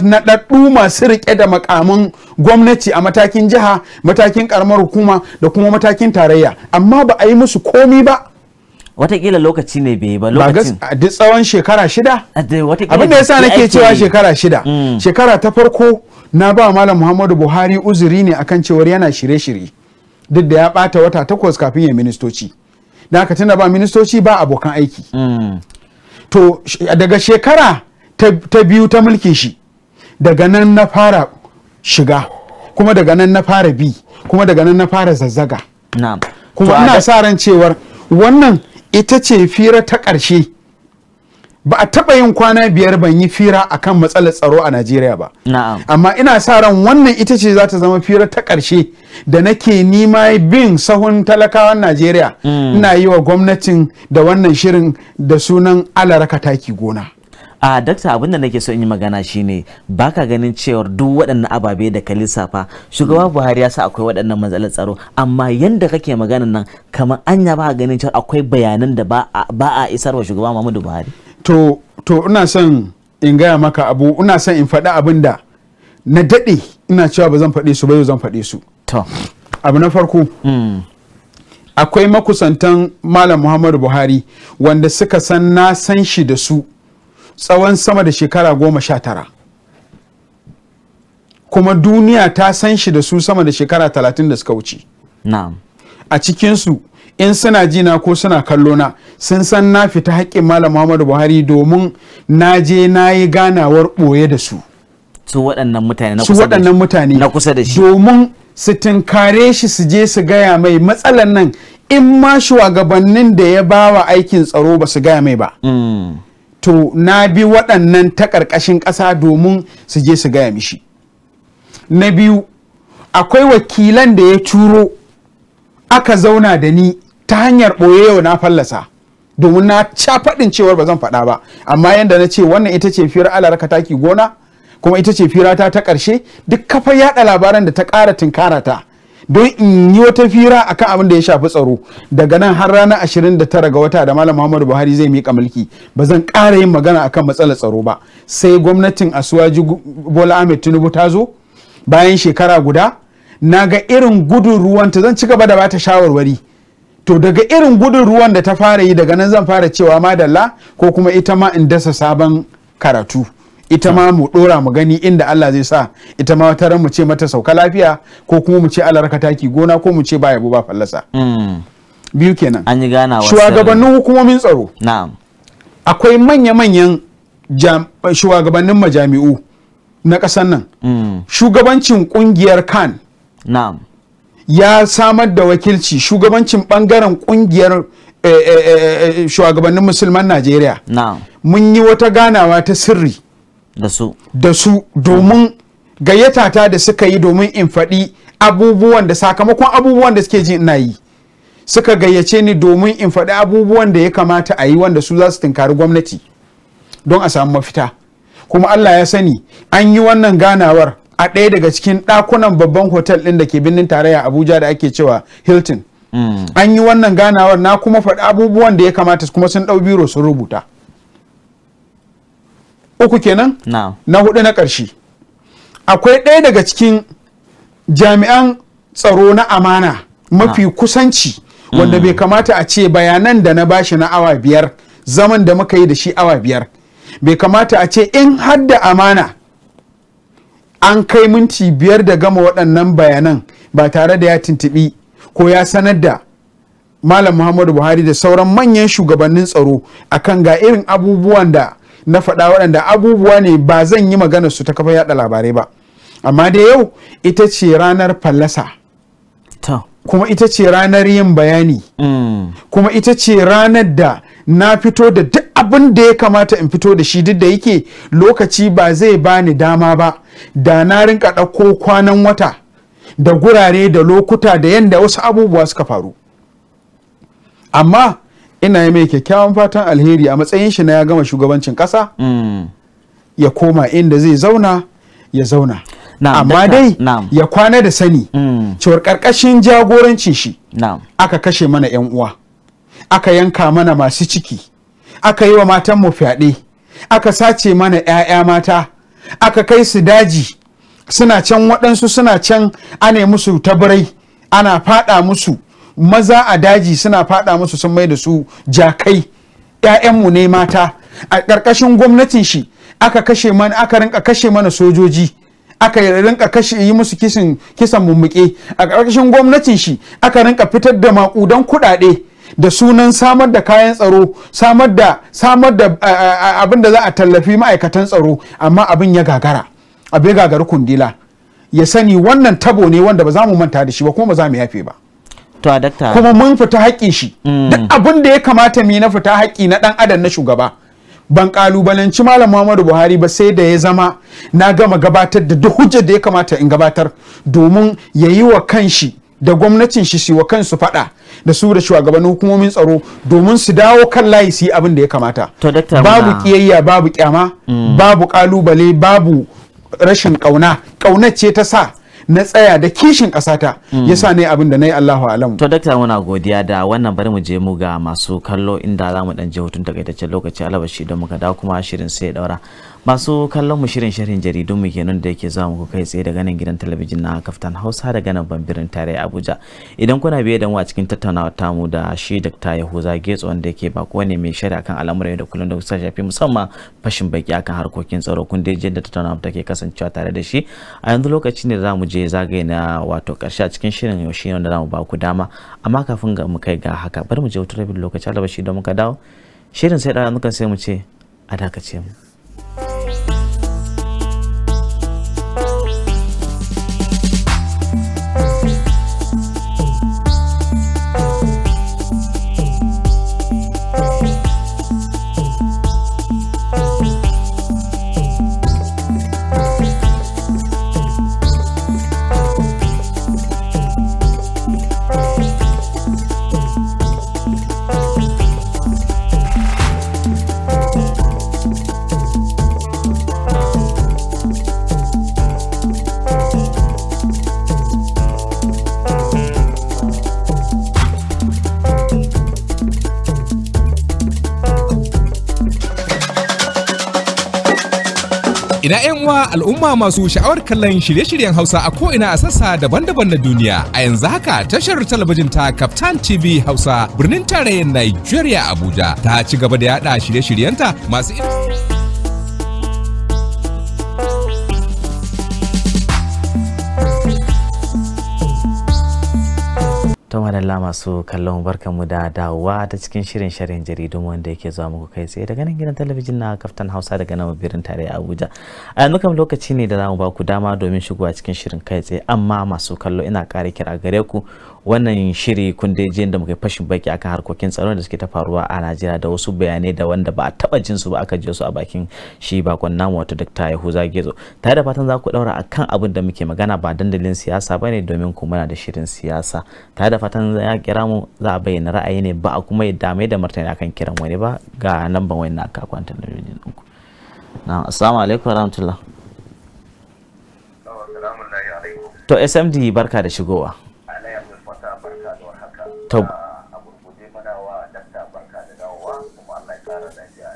[SPEAKER 3] naɗaɗɗu masu riƙe da makamin gwamnati a matakin jiha matakin ƙaramar hukuma da kuma matakin tarayya amma ba a yi musu komi ba
[SPEAKER 2] watakila lokaci ne bai ba lokacin
[SPEAKER 3] a duk tsawon shekara shida abin da yasa nake cewa shekara shida mm. shekara ta farko na ba malam muhammadu buhari uzuri ne akan cewar yana shirye-shirye duk da ya ɓata wata takwas kafin ya ministoci da aka tuna ba ministoci ba abokan aiki mm. to daga shekara ta biyu ta mulki shi daga nan na fara shiga kuma daga nan na fara bi kuma daga nan na fara zazzaga
[SPEAKER 2] kuma ina sa
[SPEAKER 3] ran cewar wannan ita ce fira ta ƙarshe ba a taɓa yin kwana biyar ban yi fira kan matsalar tsaro a najeriya ba amma ina sa ran wannan ita ce za ta zama fira ta ƙarshe da nake nima bin sahun talakawan najeriya mm. ina yi wa gwamnatin da wannan shirin da sunan alaraka taki gona
[SPEAKER 2] a dakta abin da nake so in yi magana shine baka ganin cewar duk waɗannan ababe da kalisa fa. shugaba mm. buhari ya sa akwai waɗannan matsalar tsaro amma yanda kake magana nan kamar anya ba ganin cewar akwai bayanan da ba a isarwa
[SPEAKER 3] shugaba muhammadu buhari to to ina son in gaya maka abu ina son in faɗi abin da na daɗe ina cewa ba zan faɗe su ba yau zan faɗe su to abu na farko mm. akwai makusantan malam muhammadu buhari wanda suka san na san shi da su tsawon sama da shekara goma sha tara kuma duniya ta san shi da su sama da shekara talatin da suka wuce a cikinsu in suna jina ko suna kallo na sun san na fita haƙƙin malam muhammadu buhari domin na je na yi ganawar ɓoye da su su waɗannan mutane na kusa da shi domin su tinkare shi su je su gaya mai matsalan nan in ma shugabannin da ya bawa aikin tsaro ba su gaya mai ba mm. to na bi waɗannan ta ƙarƙashin ƙasa domin su je su gaya mishi na biyu akwai wakilan da ya turo aka zauna da ni ta hanyar ɓoye na fallasa domin na cha faɗin cewar ba zan faɗa ba amma yadda na ce wannan ita ce fira alarka taki gona kuma ita ce firata ta ƙarshe duk kafa yaɗa labaran da ta ƙara tunkara ta don in yi wata fira akan abin da ya shafi tsaro daga nan har ranar tara ga wata da malam Muhammadu Buhari zai miƙa mulki ba zan ƙara yin magana akan matsalar tsaro ba sai gwamnatin Asuwaji Bola Ahmed Tinubu ta zo bayan shekara guda na ga irin gudun ruwan ta zan ci gaba da bata shawarwari to daga irin gudun ruwan da ta fara yi daga nan zan fara cewa madalla ko kuma ita ma in dasa sabon karatu ita ma mu dora mu gani inda Allah zai sa ita ma wata ran mu ce mata sauka lafiya ko kuma mu ce Allah raka taki gona ko mu ce ba yabo ba fallasa hmm. biyu kenan an yi ganawa shugabannin hukumomin tsaro na'am akwai manya-manyan shugabannin majami'u na ƙasar nan hmm. shugabancin kungiyar kan na'am ya samar da wakilci shugabancin bangaren kungiyar eh, eh, eh, shugabannin musulman najeriya na'am. mun yi wata ganawa ta sirri da su domin gayyata ta da suka yi domin in faɗi abubuwan da sakamakon abubuwan da suke jin ina yi suka gayyace ni domin in faɗi abubuwan da ya kamata a yi wanda su za su tunkari gwamnati don a samu mafita kuma Allah ya sani an yi wannan ganawar a ɗaya daga cikin ɗakunan babban hotel ɗin da ke birnin tarayya Abuja da ake cewa Hilton. Mm. An yi wannan ganawar na kuma faɗi abubuwan da ya kamata kuma sun ɗau biro sun rubuta. uku kenan na hudu na ƙarshe akwai ɗaya daga cikin jami'an tsaro na amana mafi kusanci wanda bai mm. kamata a ce bayanan da na bashi na awa biyar zaman da muka yi da shi awa biyar bai kamata a ce in hadda amana an kai minti biyar da gama waɗannan bayanan ba tare da ya tuntuɓi ko ya sanar da malam muhammadu buhari da sauran manyan shugabannin tsaro akan ga irin abubuwan da na faɗa waɗanda abubuwa ne ba zan yi magana su ta kafa yaɗa labarai ba amma da yau ita ce ranar fallasa kuma ita ce ranar yin bayani mm. kuma ita ce ranar da na fito da duk abin da ya kamata in fito da shi duk da yake lokaci ba zai bani dama ba da na rinka ɗauko kwanan wata da gurare da lokuta da yadda wasu abubuwa suka faru amma ina yi mai kyakkyawan fatan alheri a matsayin shi na ya gama shugabancin kasa mm. ya koma inda zai zauna ya zauna amma dai ya kwana da sani mm. cewar karkashin jagorancin shi aka kashe mana 'yan uwa aka yanka mana masu ciki aka yi wa matan mu fyaɗe aka sace mana 'ya'ya mata aka kai su daji suna can waɗansu suna can ana musu tabarai ana faɗa musu maza a daji suna fada musu sun mai da su jakai ‘ya'yanmu ne mata a ƙarƙashin gwamnatin shi aka kashe mana aka rinka kashe mana sojoji aka rinka kashe yi musu kisan kisan mummuke a ƙarƙashin gwamnatin shi aka rinka fitar da maƙudan kuɗaɗe da sunan samar da kayan tsaro samar da samar da abin da za a tallafi ma'aikatan tsaro amma abin ya gagara abin ya gagari kundila ya sani wannan tabo ne wanda ba za mu manta da shi ba kuma ba za mu yafe ba
[SPEAKER 2] to kuma
[SPEAKER 3] mun fita haƙƙin shi mm. duk abin da ya kamata mu na fita haƙƙi na dan adam na shugaba ban kalubalanci malam Muhammadu Buhari ba sai da ya zama na gama gabatar da duk hujjar da ya kamata in gabatar domin ya yi wa kanshi da gwamnatin shi wa kansu fada da su da shugabannin hukumomin tsaro domin su dawo kan layi su yi abin da ya kamata babu ƙiyayya babu kyama mm. babu kalubale babu rashin ƙauna. kauna ce ta sa na tsaya da kishin ƙasata mm. yasa ne abin da na yi Allahu
[SPEAKER 2] alam to dakta muna godiya da wannan bari mu je mu ga masu kallo inda za mu dan je hutun takaitaccen lokaci alabashi don muka da kuma shirin sai ya daura masu kallon mu shirin sharhin jaridun mu kenan da yake zuwa muku kai tsaye daga nan gidan talabijin na kaftan hausa daga nan bambirin tarayya abuja idan kuna biye da mu a cikin tattaunawa mu da shi dr yahuza getso wanda yake ko ne mai shari'a kan al'amuran da kullum da kusa shafi musamman fashin baki akan harkokin tsaro kun dai da tattaunawa take kasancewa tare da shi a yanzu lokaci ne da zamu je zagaye na wato karshe a cikin shirin yaushe ne da zamu ba ku dama amma kafin ga mu kai ga haka bari mu je wata rabin lokaci alabashi da muka dawo shirin sai da nukan sai mu ce a dakace mu
[SPEAKER 1] al'umma masu sha'awar kallon shirye-shiryen Hausa a ko'ina a sassa daban-daban na duniya. A yanzu haka tashar talabijin ta Captain TV Hausa birnin tarayyar Nigeria Abuja ta ci gaba da yada shirye-shiryenta masu
[SPEAKER 2] la masu kallon barkanmu da dawowa ta cikin shirin shirin jaridun wanda yake zuwa muku kai tsaye daga nan gidan talabijin na kaftan hausa daga nan birnin tarayya abuja a yanzu kam lokaci ne da zamu mu ba ku dama domin shigowa cikin shirin kai tsaye amma masu kallo ina ƙara kira gare ku wannan shiri kun dai da muka fashin baki akan harkokin tsaro da suke ta faruwa a Najeriya da wasu bayanai da wanda ba a taba jin su ba aka je su a bakin shi bakon namu wato Dr. Yahuza Gezo tare da fatan za ku daura akan abin da muke magana ba dandalin siyasa bane domin ku muna da shirin siyasa tare da fatan za ya kira mu za a bayyana ra'ayi ne ba a kuma yadda mai da martani akan kiran wani ba ga nan ban wani da akakwan talabijin ku Na assalamu alaikum warahmatullahi. To SMD barka da shigowa. ta barka da dawowa kuma Allah ya kara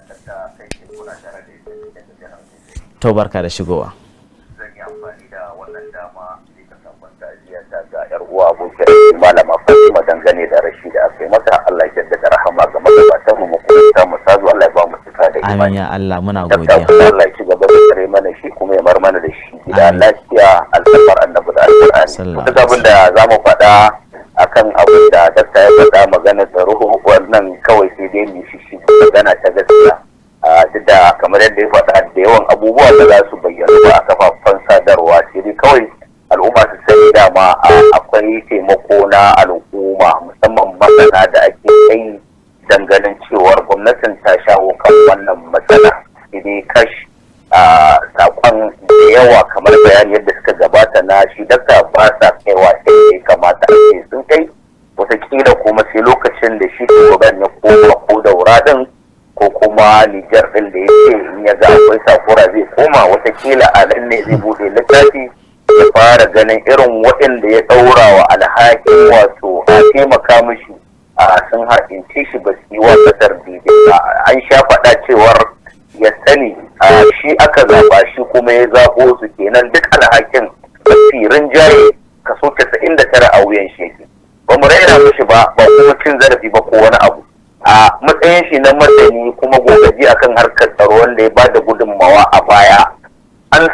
[SPEAKER 2] dakta kai ke kuna da ita da to barka da shigowa
[SPEAKER 5] zan yi amfani da wannan dama da ka samu tajiya ta ga yar uwa abokin malama Fatima dangane da rashi da aka yi mata Allah ya jaddada rahama ga magabatan mu kuma ta mu sazu Allah ya
[SPEAKER 2] ba mu tuka da imani amin ya Allah muna godiya Allah
[SPEAKER 5] ya ci gaba da kare mana shi kuma ya mar mana da shi gida lafiya alfar annabi da abin da zamu faɗa akan abin da dakta ya faɗa magana da ruhu wannan kawai sai dai mu shi magana ta gaskiya duk da kamar yadda ya faɗa da yawan abubuwa da za su bayyana ba a kafafen sadarwa sai dai kawai al'umma su sani dama akwai taimako na koma watakila a nan ne zai bude littafi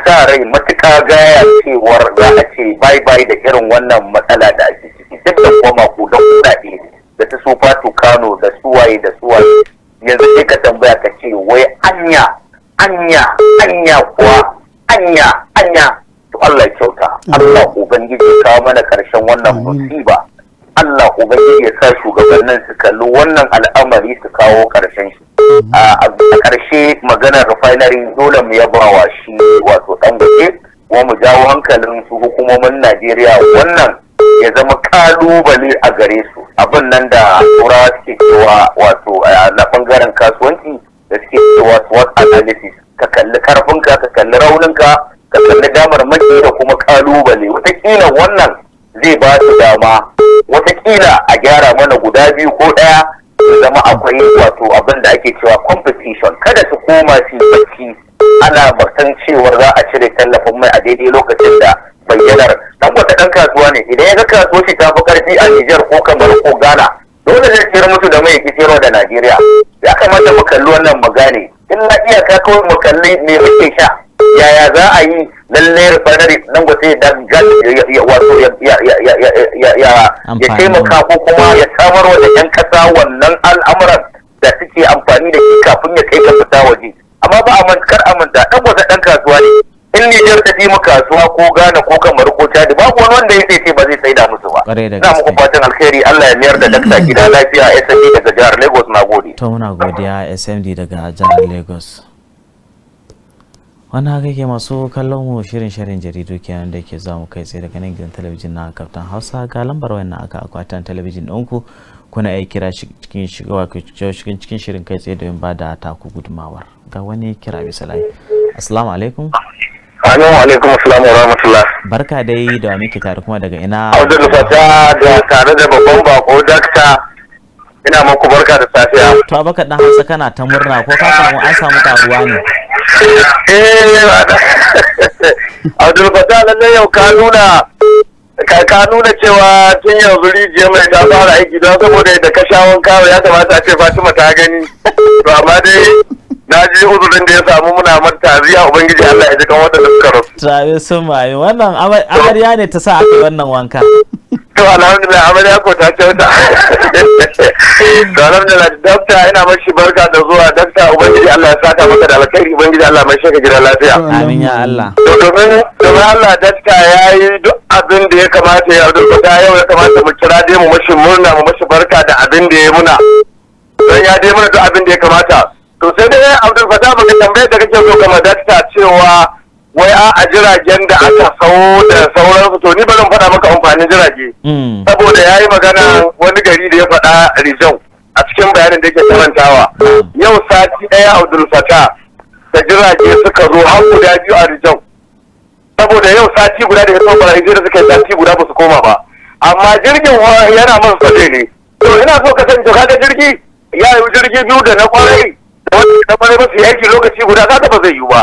[SPEAKER 5] sa rai matuƙa gaya cewar za'a ce bai bai da irin wannan matsala da ake ciki duk da kuma makudan kuɗaɗe da ta sufatu kano da suwaye da suwaye yanzu sai ka tambaya ka ce wai anya anya anya kuwa anya anya to Allah kyauta Allah ubangiji kawo mana ƙarshen wannan musiba Allah ubangiji ya sa shugabannin su kalli wannan al'amari su kawo ƙarshen shi mhm. a ƙarshe maganar refinery dole mu yabawa shi wato ɗan dangote kuma mu jawo hankalin su hukumomin Najeriya wannan ya zama kalubale a gare su abin nan da tura suke cewa wato na ɓangaren kasuwanci da suke cewa SWOT analysis ka kalli karfinka ka kalli raunin ka ka kalli damar maki da kuma ƙalubale wataƙila wannan zai ba da dama watakila a gyara mana guda biyu ko ɗaya su zama akwai wato abin da ake cewa competition kada su koma su bacci ana batan cewar za a cire tallafin mai a daidai lokacin da bayyanar dan wata dan kasuwa ne idan ya ga kasuwa shi ta fi karfi a Nijar ko kamar ko Ghana dole zai tsira musu da mai kisiro da Najeriya ya kamata mu kalli wannan magani in na iyaka kawai mu kalli me muke sha yaya za a yi lallai refinery nan gwate da wato ya taimaka ko kuma ya samar wa da yan kasa wannan al'amuran da suke amfani da shi kafin ya kai ka fita waje amma ba a kar amanta dan gwate dan kasuwa ne in jar ta fi kasuwa ko gane ko Kamaru ko Chad babu wani wanda ya ce ba zai saida musu ba. Ina muku fatan alkhairi Allah ya mayar da dakta gida lafiya SMD daga jihar Lagos nagode
[SPEAKER 2] To muna godiya SMD daga jihar Lagos. wani haka ke masu kallon mu shirin shirin jaridu kenan da ke za mu kai tsaye daga nan gidan talabijin na kaftan hausa ga lambar wayan na aka akwatin talabijin ɗinku kuna iya kira cikin cikin cikin shirin kai tsaye domin ba da taku gudumawar ga wani kira bisa layi assalamu alaikum alaikum alaikum assalamu rahmatullah. Barka dai da wa muke tare kuma daga ina. Abdul Fata da tare da babban bako dakta ina muku barka da safiya. To baka dan Hausa kana ta murna ko ka samu an samu karuwa ne? eh [LAUGHS]
[SPEAKER 5] abdul fatah lallai yau ka nuna ka nuna cewa tun yanzu rijiyar mai ta fara aiki don saboda yadda ka sha wanka ya kamata a ce fatima ta gani to amma dai na ji uzurin da ya samu muna mata taziya ubangiji allah ya ji kan wata dukkan
[SPEAKER 2] tare sun mayu wannan amarya ne ta sa aka wannan wanka
[SPEAKER 5] to alhamdulillah amarya ko ta kyauta [LAUGHS] to alhamdulillah dakta ina mashi barka da zuwa dakta ubangiji Allah ya saka maka da alkhairi ubangiji Allah mai shaka gidan lafiya amin ya Allah domin domin Allah dakta yi duk abin da ya kamata ya rubuta yau ya kamata mu kira dai mu mashi murna mu mashi barka da abin da ya muna don ya dai muna duk abin da ya kamata to sai dai Abdul Fattah baka tambaye da kake so kamar dakta cewa wai a jiragen da aka sau eh. da sauran to ni ba zan faɗa maka amfanin jirage hmm. saboda ya yi magana eh. wani gari da ya faɗa rizau a cikin bayanin da yake karantawa hmm. yau sati ɗaya abdul da jirage suka zo har guda biyu a rizau saboda yau sati guda da ya zo barayin da suka yi sati guda ba su koma ba amma jirgin yana masu sade ne to ina so ka san jirgi ya yi jirgi biyu da na kwarai wani dan bare ba su yaki lokaci guda kaga ba zai yi ba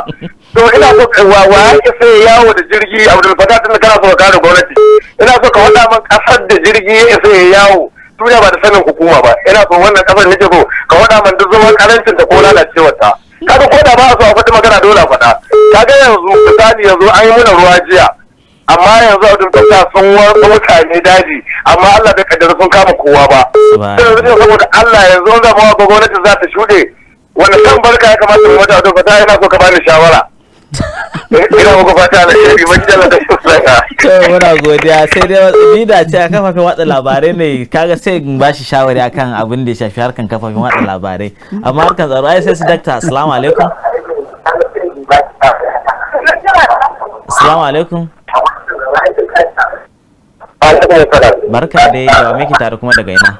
[SPEAKER 5] to ina so wa wa yake sai yawo da jirgi Abdul Fattah tun kana so ka gwamnati ina so ka wada man kasar da jirgi yake sai yawo duniya ba da sanin hukuma ba ina so wannan kasar nake so ka wada man duk zaman karancin ta ko lalacewar ta kaga ko da ba a so a faɗi magana dole a faɗa kaga yanzu misali yanzu an yi mana ruwa jiya amma yanzu a dukkan sun warka mutane daji amma Allah bai kaddara sun kama kowa ba. Sai saboda Allah yanzu zama gwamnati za ta shuɗe wanda kan barka ya kamata mu mata wato fata yana so ka bani shawara ina muku fata na shiri ba kida
[SPEAKER 2] da sai muna godiya sai dai ni da ce kan watsa labarai ne kaga sai in ba shi shawari akan abin da ya shafi harkan kan watsa labarai amma harkan tsaro ai sai su dakta assalamu alaikum assalamu alaikum barka dai da miki tare kuma daga ina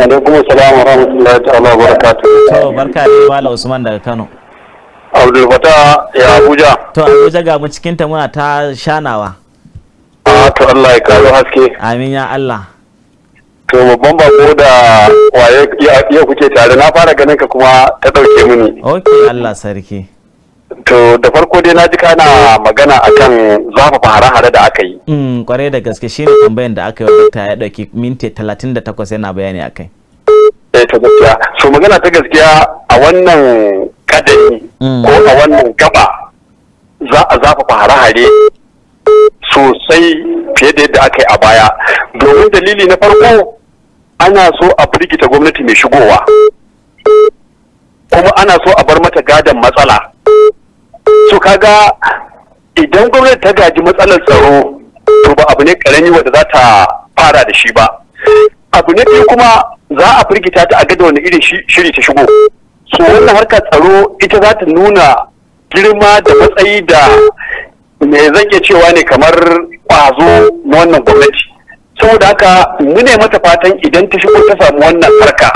[SPEAKER 2] alaikum assalamu wa rahmatullahi ta'ala wa barakatuh to barka da mala usman daga kano abdul fatah ya abuja to abuja ga mu cikin ta muna ta shanawa a to allah ya karo haske amin ya allah to babban bako da waye ya kuke tare na fara ganin ka kuma ta dauke
[SPEAKER 5] mini okay allah sarki To da farko dai na ji kana magana akan zafafa hare-hare da aka yi.
[SPEAKER 2] Mm, kwarai da gaske shi ne tambayan da aka yi wa dokta ya ɗauki minti talatin da takwas yana bayani a kai.
[SPEAKER 5] Eh ta gaskiya. So magana ta gaskiya a wannan kadari mm. ko a wannan gaba za a zafafa hare-hare sosai fiye da yadda aka yi a baya. Domin dalili na farko ana so a firgita gwamnati mai shigowa. Kuma ana so a bar mata gadon matsala. so kaga idan gwamnati ta gaji matsalar tsaro to ba abu ne karami wanda za ta fara da shi ba abu ne kuma za a firgita ta a ga wani irin shiri ta shigo so wannan harkar tsaro ita za ta nuna girma da matsayi da me zan iya cewa ne kamar ƙwazo na wannan gwamnati saboda haka mune mata fatan idan ta shigo ta samu wannan harka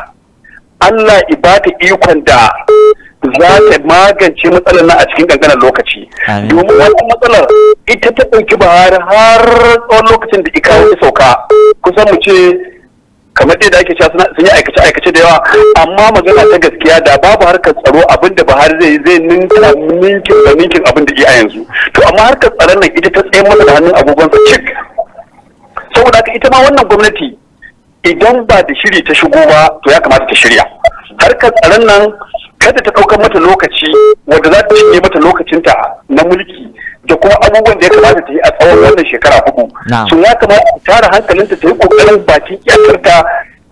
[SPEAKER 5] Allah ibata ikon da za ta magance matsalar nan a cikin ƙanƙanin lokaci domin wannan matsalar ita ta ɗauki bahari har tsawon lokacin da ikawo ya sauka kusan mu ce kamar dai da ake cewa sun yi aikace aikace da yawa amma magana ta gaskiya da babu harkar tsaro abin da Buhari zai zai ninka ninkin da ninkin abin da iya yanzu to amma harkar tsaron nan ita ta tsaye mana da hannun agogon sa cik saboda haka ita ma wannan gwamnati idan ba da shiri ta shigo ba to ya kamata ta shirya harkar tsaron nan kada ta ɗaukar mata lokaci wanda za ta shige mata lokacinta na mulki da kuma abubuwan da ya kamata ta yi a tsawon wannan shekara hudu sun ya kamata ta tara hankalinta ta yi kokarin bakin iyakarta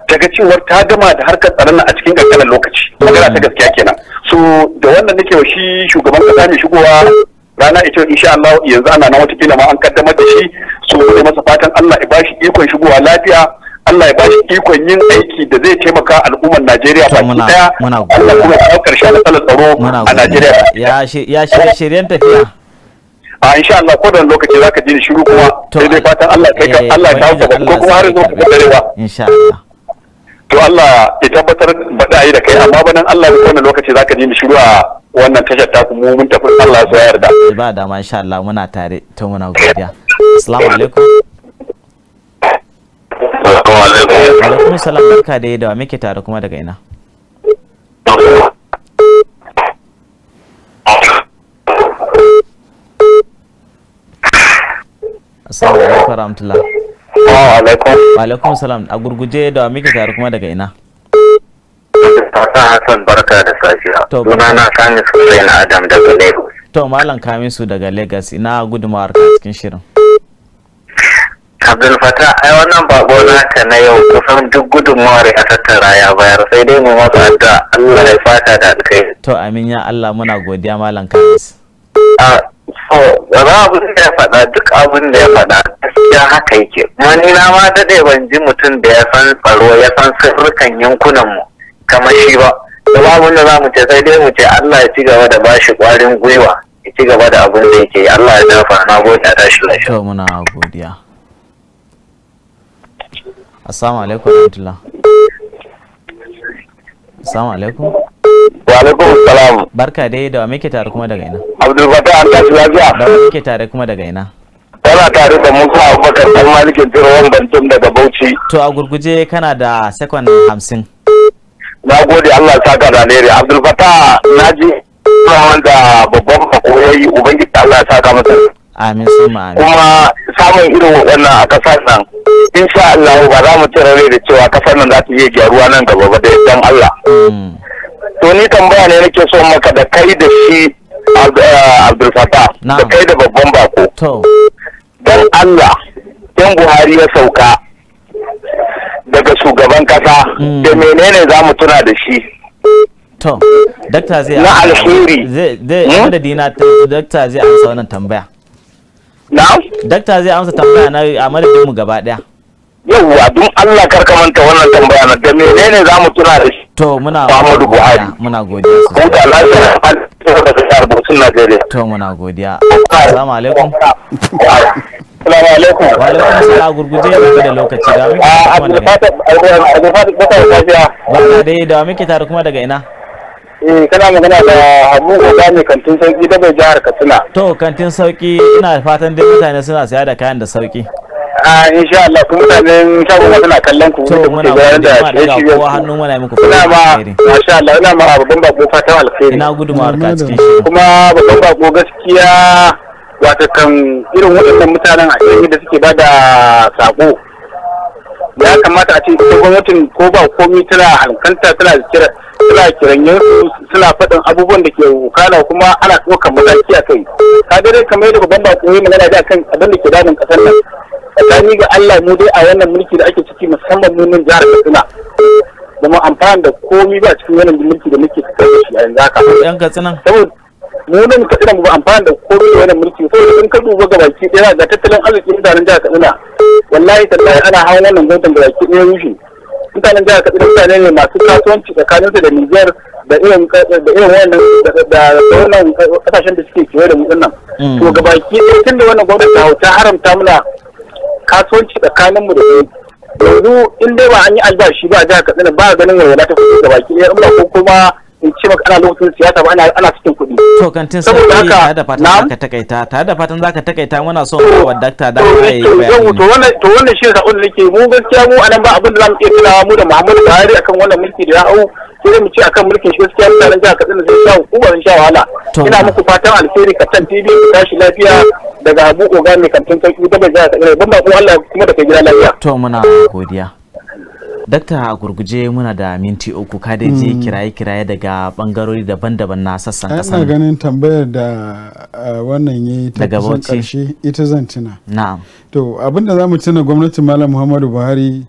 [SPEAKER 5] daga cewar ta gama da harkar tsaron a cikin kankanin lokaci magana ta gaskiya kenan so da wannan nake wa shi shugaban kasa mai shigowa rana ita insha Allah yanzu ana na wata ma an kaddamar da shi so masa fatan Allah ya bashi ikon shigowa lafiya Allah ya ba shi ikon yin aiki da zai taimaka al'ummar Najeriya baki daya Allah kuma ya kawo ƙarshen matsalar tsaro a Najeriya ya
[SPEAKER 2] shirye-shiryen tafiya
[SPEAKER 5] a insha Allah ko da lokaci zaka ji shiru kuma sai dai fatan Allah kai ka eh, Allah ya kawo ko kuma har zo ka darewa insha Allah to Allah ya tabbatar bada yi da kai amma banan Allah ko da lokaci zaka ji shiru a wannan tashar ta kuma mun tafi Allah ya
[SPEAKER 2] yarda ba da ma insha Allah muna tare to muna godiya assalamu alaikum Assalamu salam barka da yadda muke tare kuma daga ina. Assalamu alaikum warahmatullah. Wa alaikum. Wa salam a gurguje da muke tare kuma daga ina. Tata Hassan barka da safiya. Sunana Sani Sosai na Adam daga Lagos. To Malam Kamisu daga Lagos ina gudumawar cikin shirin.
[SPEAKER 5] Abdul Fatah ai wannan bako ka na yau kusan duk gudunmawar ya tattara ya bayar sai dai mu masa addu'a Allah ya fata da alkai.
[SPEAKER 2] To amin ya Allah muna godiya malam Kamis. A
[SPEAKER 5] so abin da ya faɗa duk abin da ya faɗa gaskiya haka yake. Wani na ma daɗe ban ji mutum da ya san tsaro ya san sirrukan yankunan mu kamar shi ba. Da abin da za mu ce sai dai mu ce Allah ya ci gaba da bashi ƙwarin gwiwa ya ci gaba da abin da yake Allah ya dafa na gode a tashi
[SPEAKER 4] lafiya.
[SPEAKER 2] To muna godiya. assalamu alaikum rahmatullah assalamu alaikum wa alaikum assalam barka dai da wa muke tare kuma daga ina abdul
[SPEAKER 5] fatah an tashi lafiya da
[SPEAKER 2] muke tare kuma daga ina
[SPEAKER 5] kana tare da musa abubakar dan malikin tirawan bantum daga bauchi
[SPEAKER 2] to a gurguje kana da second hamsin
[SPEAKER 5] na gode allah saka da alheri abdul fatah na ji wanda babban bako ya yi ubangiji allah saka masa amin suma amin kuma samun irin wannan a kasar nan insha Allah ba za mu tare da cewa kasar nan za ta iya gyaruwa nan gaba ba da yardan Allah hmm. to ni tambaya ne nake so maka da kai da shi eh, Abdul Fattah da kai da babban bako dan Allah dan Buhari ya sauka daga shugaban kasa hmm. da menene za mu tuna da shi
[SPEAKER 2] to dakta zai na alheri zai hmm? dakta zai amsa wannan tambaya na'am dakta zai amsa tambaya na a madadin mu gaba daya yawwa don Allah kar manta wannan tambaya na da menene za mu tuna da shi to muna Muhammadu Buhari muna godiya sosai kun rubutun Najeriya to muna godiya assalamu alaikum Assalamu alaikum. Wa alaikum assalam gurguje ya da lokaci da muke kuma daga. Ba dai da muke tare kuma daga ina? Eh kana magana da Habu Oga ne kantin sauki da bai jihar Katsina. To kantin sauki ina fatan dai mutane suna saya da kayan da sauki. a ah, insha Allah kuma mutanen shagon wasu suna kallon ku to muna gudu da shi shi kowa hannu muna muku ina ma masha Allah ina ma babban bako fatan alkhairi ina gudu ma harka cikin shi
[SPEAKER 5] kuma babban bako gaskiya wato kan irin waɗannan mutanen a da suke bada sako ya kamata a ce ita gwamnatin ko ba komi tana halkanta tana kira suna kiran suna faɗin abubuwan da ke wakana kuma ana ɗaukar mataki a kai ka dai kamar yadda babban bako yi magana da kan abin da ke damun ƙasar nan tsakani ga Allah mu dai a wannan mulki da ake ciki musamman mu nan jihar Katsina ba mu amfana da komi ba cikin wannan mulki da muke cikin shi a yanzu haka. Yan mu nan tsira mu amfani da koro wani mulki so in ka duba ga baki ɗaya ga tattalin arzikin mutanen jihar katsina wallahi tallahi ana hawan wannan gwamnatin da baki ɗaya rushe mutanen jihar katsina mutane ne masu kasuwanci tsakaninsu da nijar da irin da irin wannan da wannan kasashen da suke kewaye da mu dinnan mm. to ga baki ɗaya tunda wannan gwamnati ta haramta muna kasuwanci mu da yanzu in dai ba an yi albashi ba a jihar katsina ba ganin walwala ta kuɗi ga baki ɗaya in ko kuma in ce maka ana lokacin siyasa ba ana cikin
[SPEAKER 2] kuɗi. To kantin sarki tare da fatan za ka takaita tare da fatan za ka takaita muna son wa dakta da ya yi bayani. To wannan
[SPEAKER 5] to wannan shi da ulul ke mu gaskiya mu anan ba abin da mu iya tunawa mu da Muhammadu Buhari akan wannan mulki da ya hau sai mu ce akan mulkin shi gaskiya mutanen jihar Katsina zai sha hukuma zai sha wahala. Ina muku fatan alheri Katsan TV ku tashi lafiya daga Abu Ogani mai kantin sarki da bai jihar Katsina ban ba ku Allah kuma da kai gida lafiya.
[SPEAKER 2] To muna godiya. dakta gurguje muna da minti uku ka dai je mm. kiraye-kiraye daga bangarori daban-daban na sassan kasa ina ganin
[SPEAKER 3] tambayar da wannan yi ta kusan karshe ita zan tuna na'am to abinda za mu tuna gwamnatin malam muhammadu buhari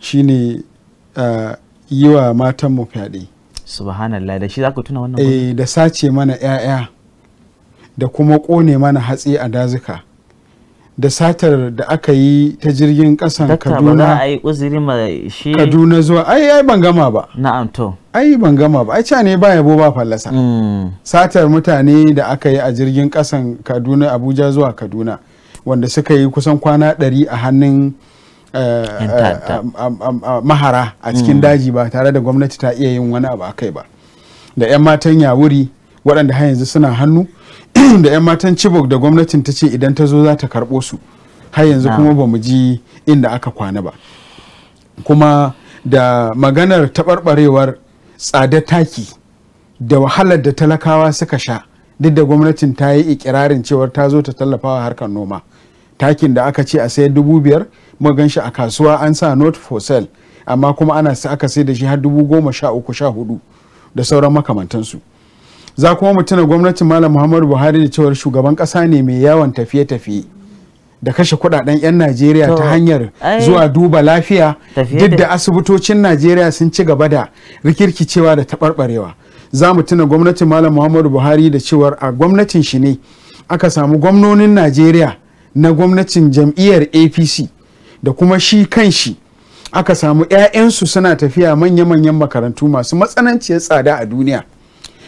[SPEAKER 3] shine yi wa matan mu fyaɗe subhanallah da shi za ku tuna wannan eh da sace mana 'ya'ya da kuma ƙone mana hatsi a dazuka da satar da aka yi ta jirgin kasan kaduna a
[SPEAKER 2] yi uzuri shi kaduna
[SPEAKER 3] zuwa ai ai ban gama ba na'am to ai ban gama ba ai ne ba yabo ba fallasa mm. satar mutane da aka yi a jirgin kasan kaduna abuja zuwa kaduna wanda suka yi kusan kwana ɗari a hannun eh, eh, mahara a cikin mm. daji ba tare da gwamnati ta iya yin wani abu a kai ba da 'yan matan yawuri waɗanda har yanzu suna hannu da 'yan matan chibok da gwamnatin ta ce idan ta zo za ta karɓo su har yanzu kuma ba mu ji inda aka kwana ba kuma da maganar taɓarɓarewar tsada taki da wahalar da talakawa suka sha duk da gwamnatin ta yi ikirarin cewar ta zo ta tallafa tallafawa harkar noma takin da aka ce a sayar dubu biyar gan shi a kasuwa an sa not for sale amma kuma ana aka sai da shi har dubu goma sha uku sha hudu da sauran makamantansu za kuma mu tuna gwamnatin malam muhammadu buhari da cewar shugaban kasa ne mai yawan tafiye-tafiye da kashe kudaden 'yan najeriya ta hanyar zuwa duba lafiya duk da asibitocin najeriya sun ci gaba da rikirkicewa da taɓarɓarewa za mu tuna gwamnatin malam muhammadu buhari da cewar a gwamnatin shi ne aka samu gwamnonin najeriya na gwamnatin jam'iyyar apc da kuma shi kan shi aka samu 'ya'yansu suna tafiya manya-manyan makarantu masu matsananciyar tsada a duniya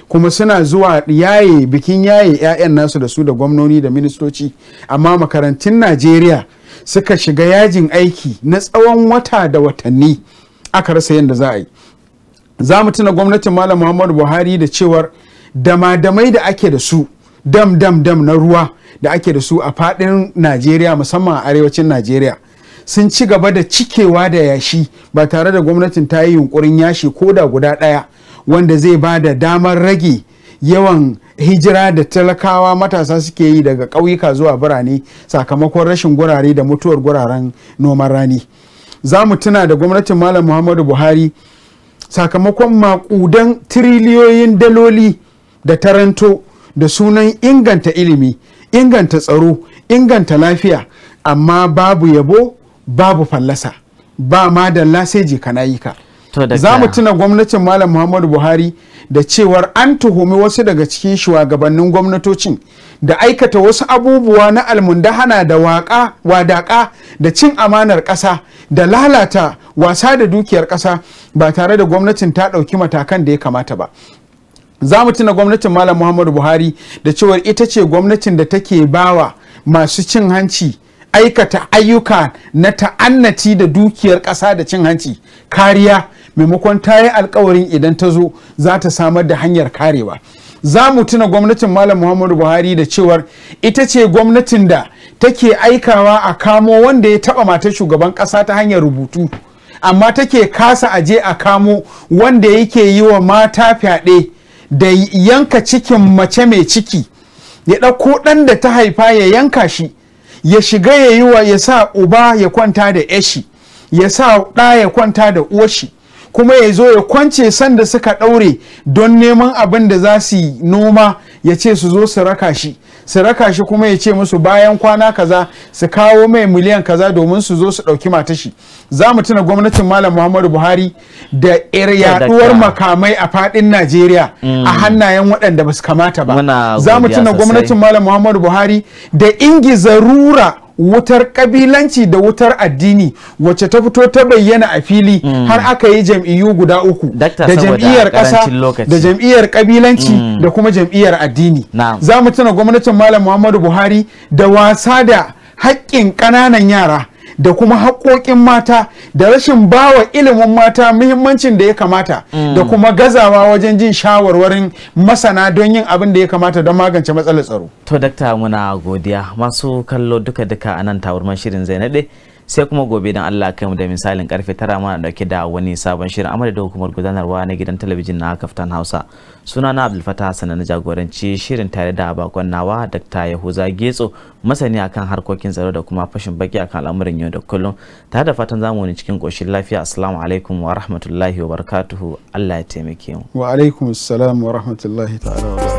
[SPEAKER 3] kuma suna zuwa yaye bikin yaye 'ya'yan nasu da su da gwamnoni da ministoci amma makarantun najeriya suka shiga yajin aiki na tsawon wata da watanni aka rasa yadda za a yi za mu tuna gwamnatin malam muhammadu buhari da cewar damadamai da ake da su dam dam dam na ruwa da ake da su a fadin najeriya musamman a arewacin najeriya sun ci gaba da cikewa da yashi ba tare da gwamnatin ta yi yunkurin yashi ko da guda ɗaya wanda zai ba da damar rage yawan hijira da talakawa matasa suke yi daga ƙauyuka zuwa birane sakamakon rashin gurare da mutuwar guraren noman rani za mu tuna da gwamnatin malam muhammadu buhari sakamakon makudan tiriliyoyin daloli da taranto da sunan inganta ilimi inganta tsaro inganta lafiya amma babu yabo babu fallasa ba ma da sai jikana yi ka za mu tuna gwamnatin malam muhammadu buhari da cewar an tuhumi wasu daga cikin shugabannin gwamnatocin da aikata wasu abubuwa na almundahana da waka wadaƙa da cin amanar kasa da lalata wasa da dukiyar kasa ba tare da gwamnatin ta ɗauki matakan da ya kamata ba za mu tuna gwamnatin malam muhammadu buhari da cewar ita ce gwamnatin da take bawa masu cin hanci aikata ayyuka na ta'annati da dukiyar ƙasa da cin hanci kariya maimakon ta yi alkawarin idan ta zo za ta samar da hanyar karewa za mu tuna gwamnatin malam muhammadu buhari da cewar ita ce gwamnatin da take aikawa a kamo wanda ya taba matar shugaban kasa ta hanyar rubutu amma take kasa aje a kamo wanda yake yi wa mata fyaɗe da yanka cikin mace mai ciki ya ɗauko ɗan da ta haifa ya yanka shi ya shiga ya yi wa ya sa uba ya kwanta da yashi ya sa ɗa ya kwanta da uwashi kuma ya zo ya kwance sanda suka ɗaure don neman abin da za su yi noma ya ce su zo su raka shi su raka shi kuma ya ce musu bayan kwana kaza su kawo mai miliyan kaza domin su zo su ɗauki matashi za mu tuna gwamnatin malam muhammadu buhari da ir yaduwar makamai a fadin najeriya mm. a hannayen waɗanda ba su kamata ba za mu tuna gwamnatin malam muhammadu buhari da ingiza rura wutar kabilanci da wutar addini wacce ta fito ta bayyana a fili mm. har aka yi jam'iyyu guda uku da jam'iyyar ƙasa da jam'iyyar kabilanci mm. da kuma jam'iyyar addini za mu tuna gwamnatin malam muhammadu buhari da wasa da haƙƙin ƙananan yara da kuma haƙoƙin mata da rashin bawa ilimin mata muhimmancin da ya kamata mm. da kuma gazawa wajen jin shawarwarin masana don yin abin da ya kamata don magance matsalar tsaro.
[SPEAKER 2] To dakta muna godiya masu kallo duka-duka a nan tawarman shirin zai naɗe sai kuma gobe dan Allah kai mu da misalin karfe tara mana dauke da wani sabon shirin amma da hukumar gudanarwa na gidan talabijin na kaftan Hausa suna na Abdul Fatah Hassan na jagoranci shirin tare da bakon nawa Dr. Yahuza Getso masani akan harkokin tsaro da kuma fashin baki akan al'amuran yau da kullum tare da fatan zamu ne cikin koshin lafiya assalamu alaikum wa rahmatullahi wa barakatuhu Allah ya taimake mu
[SPEAKER 3] wa alaikum assalam wa rahmatullahi ta'ala wa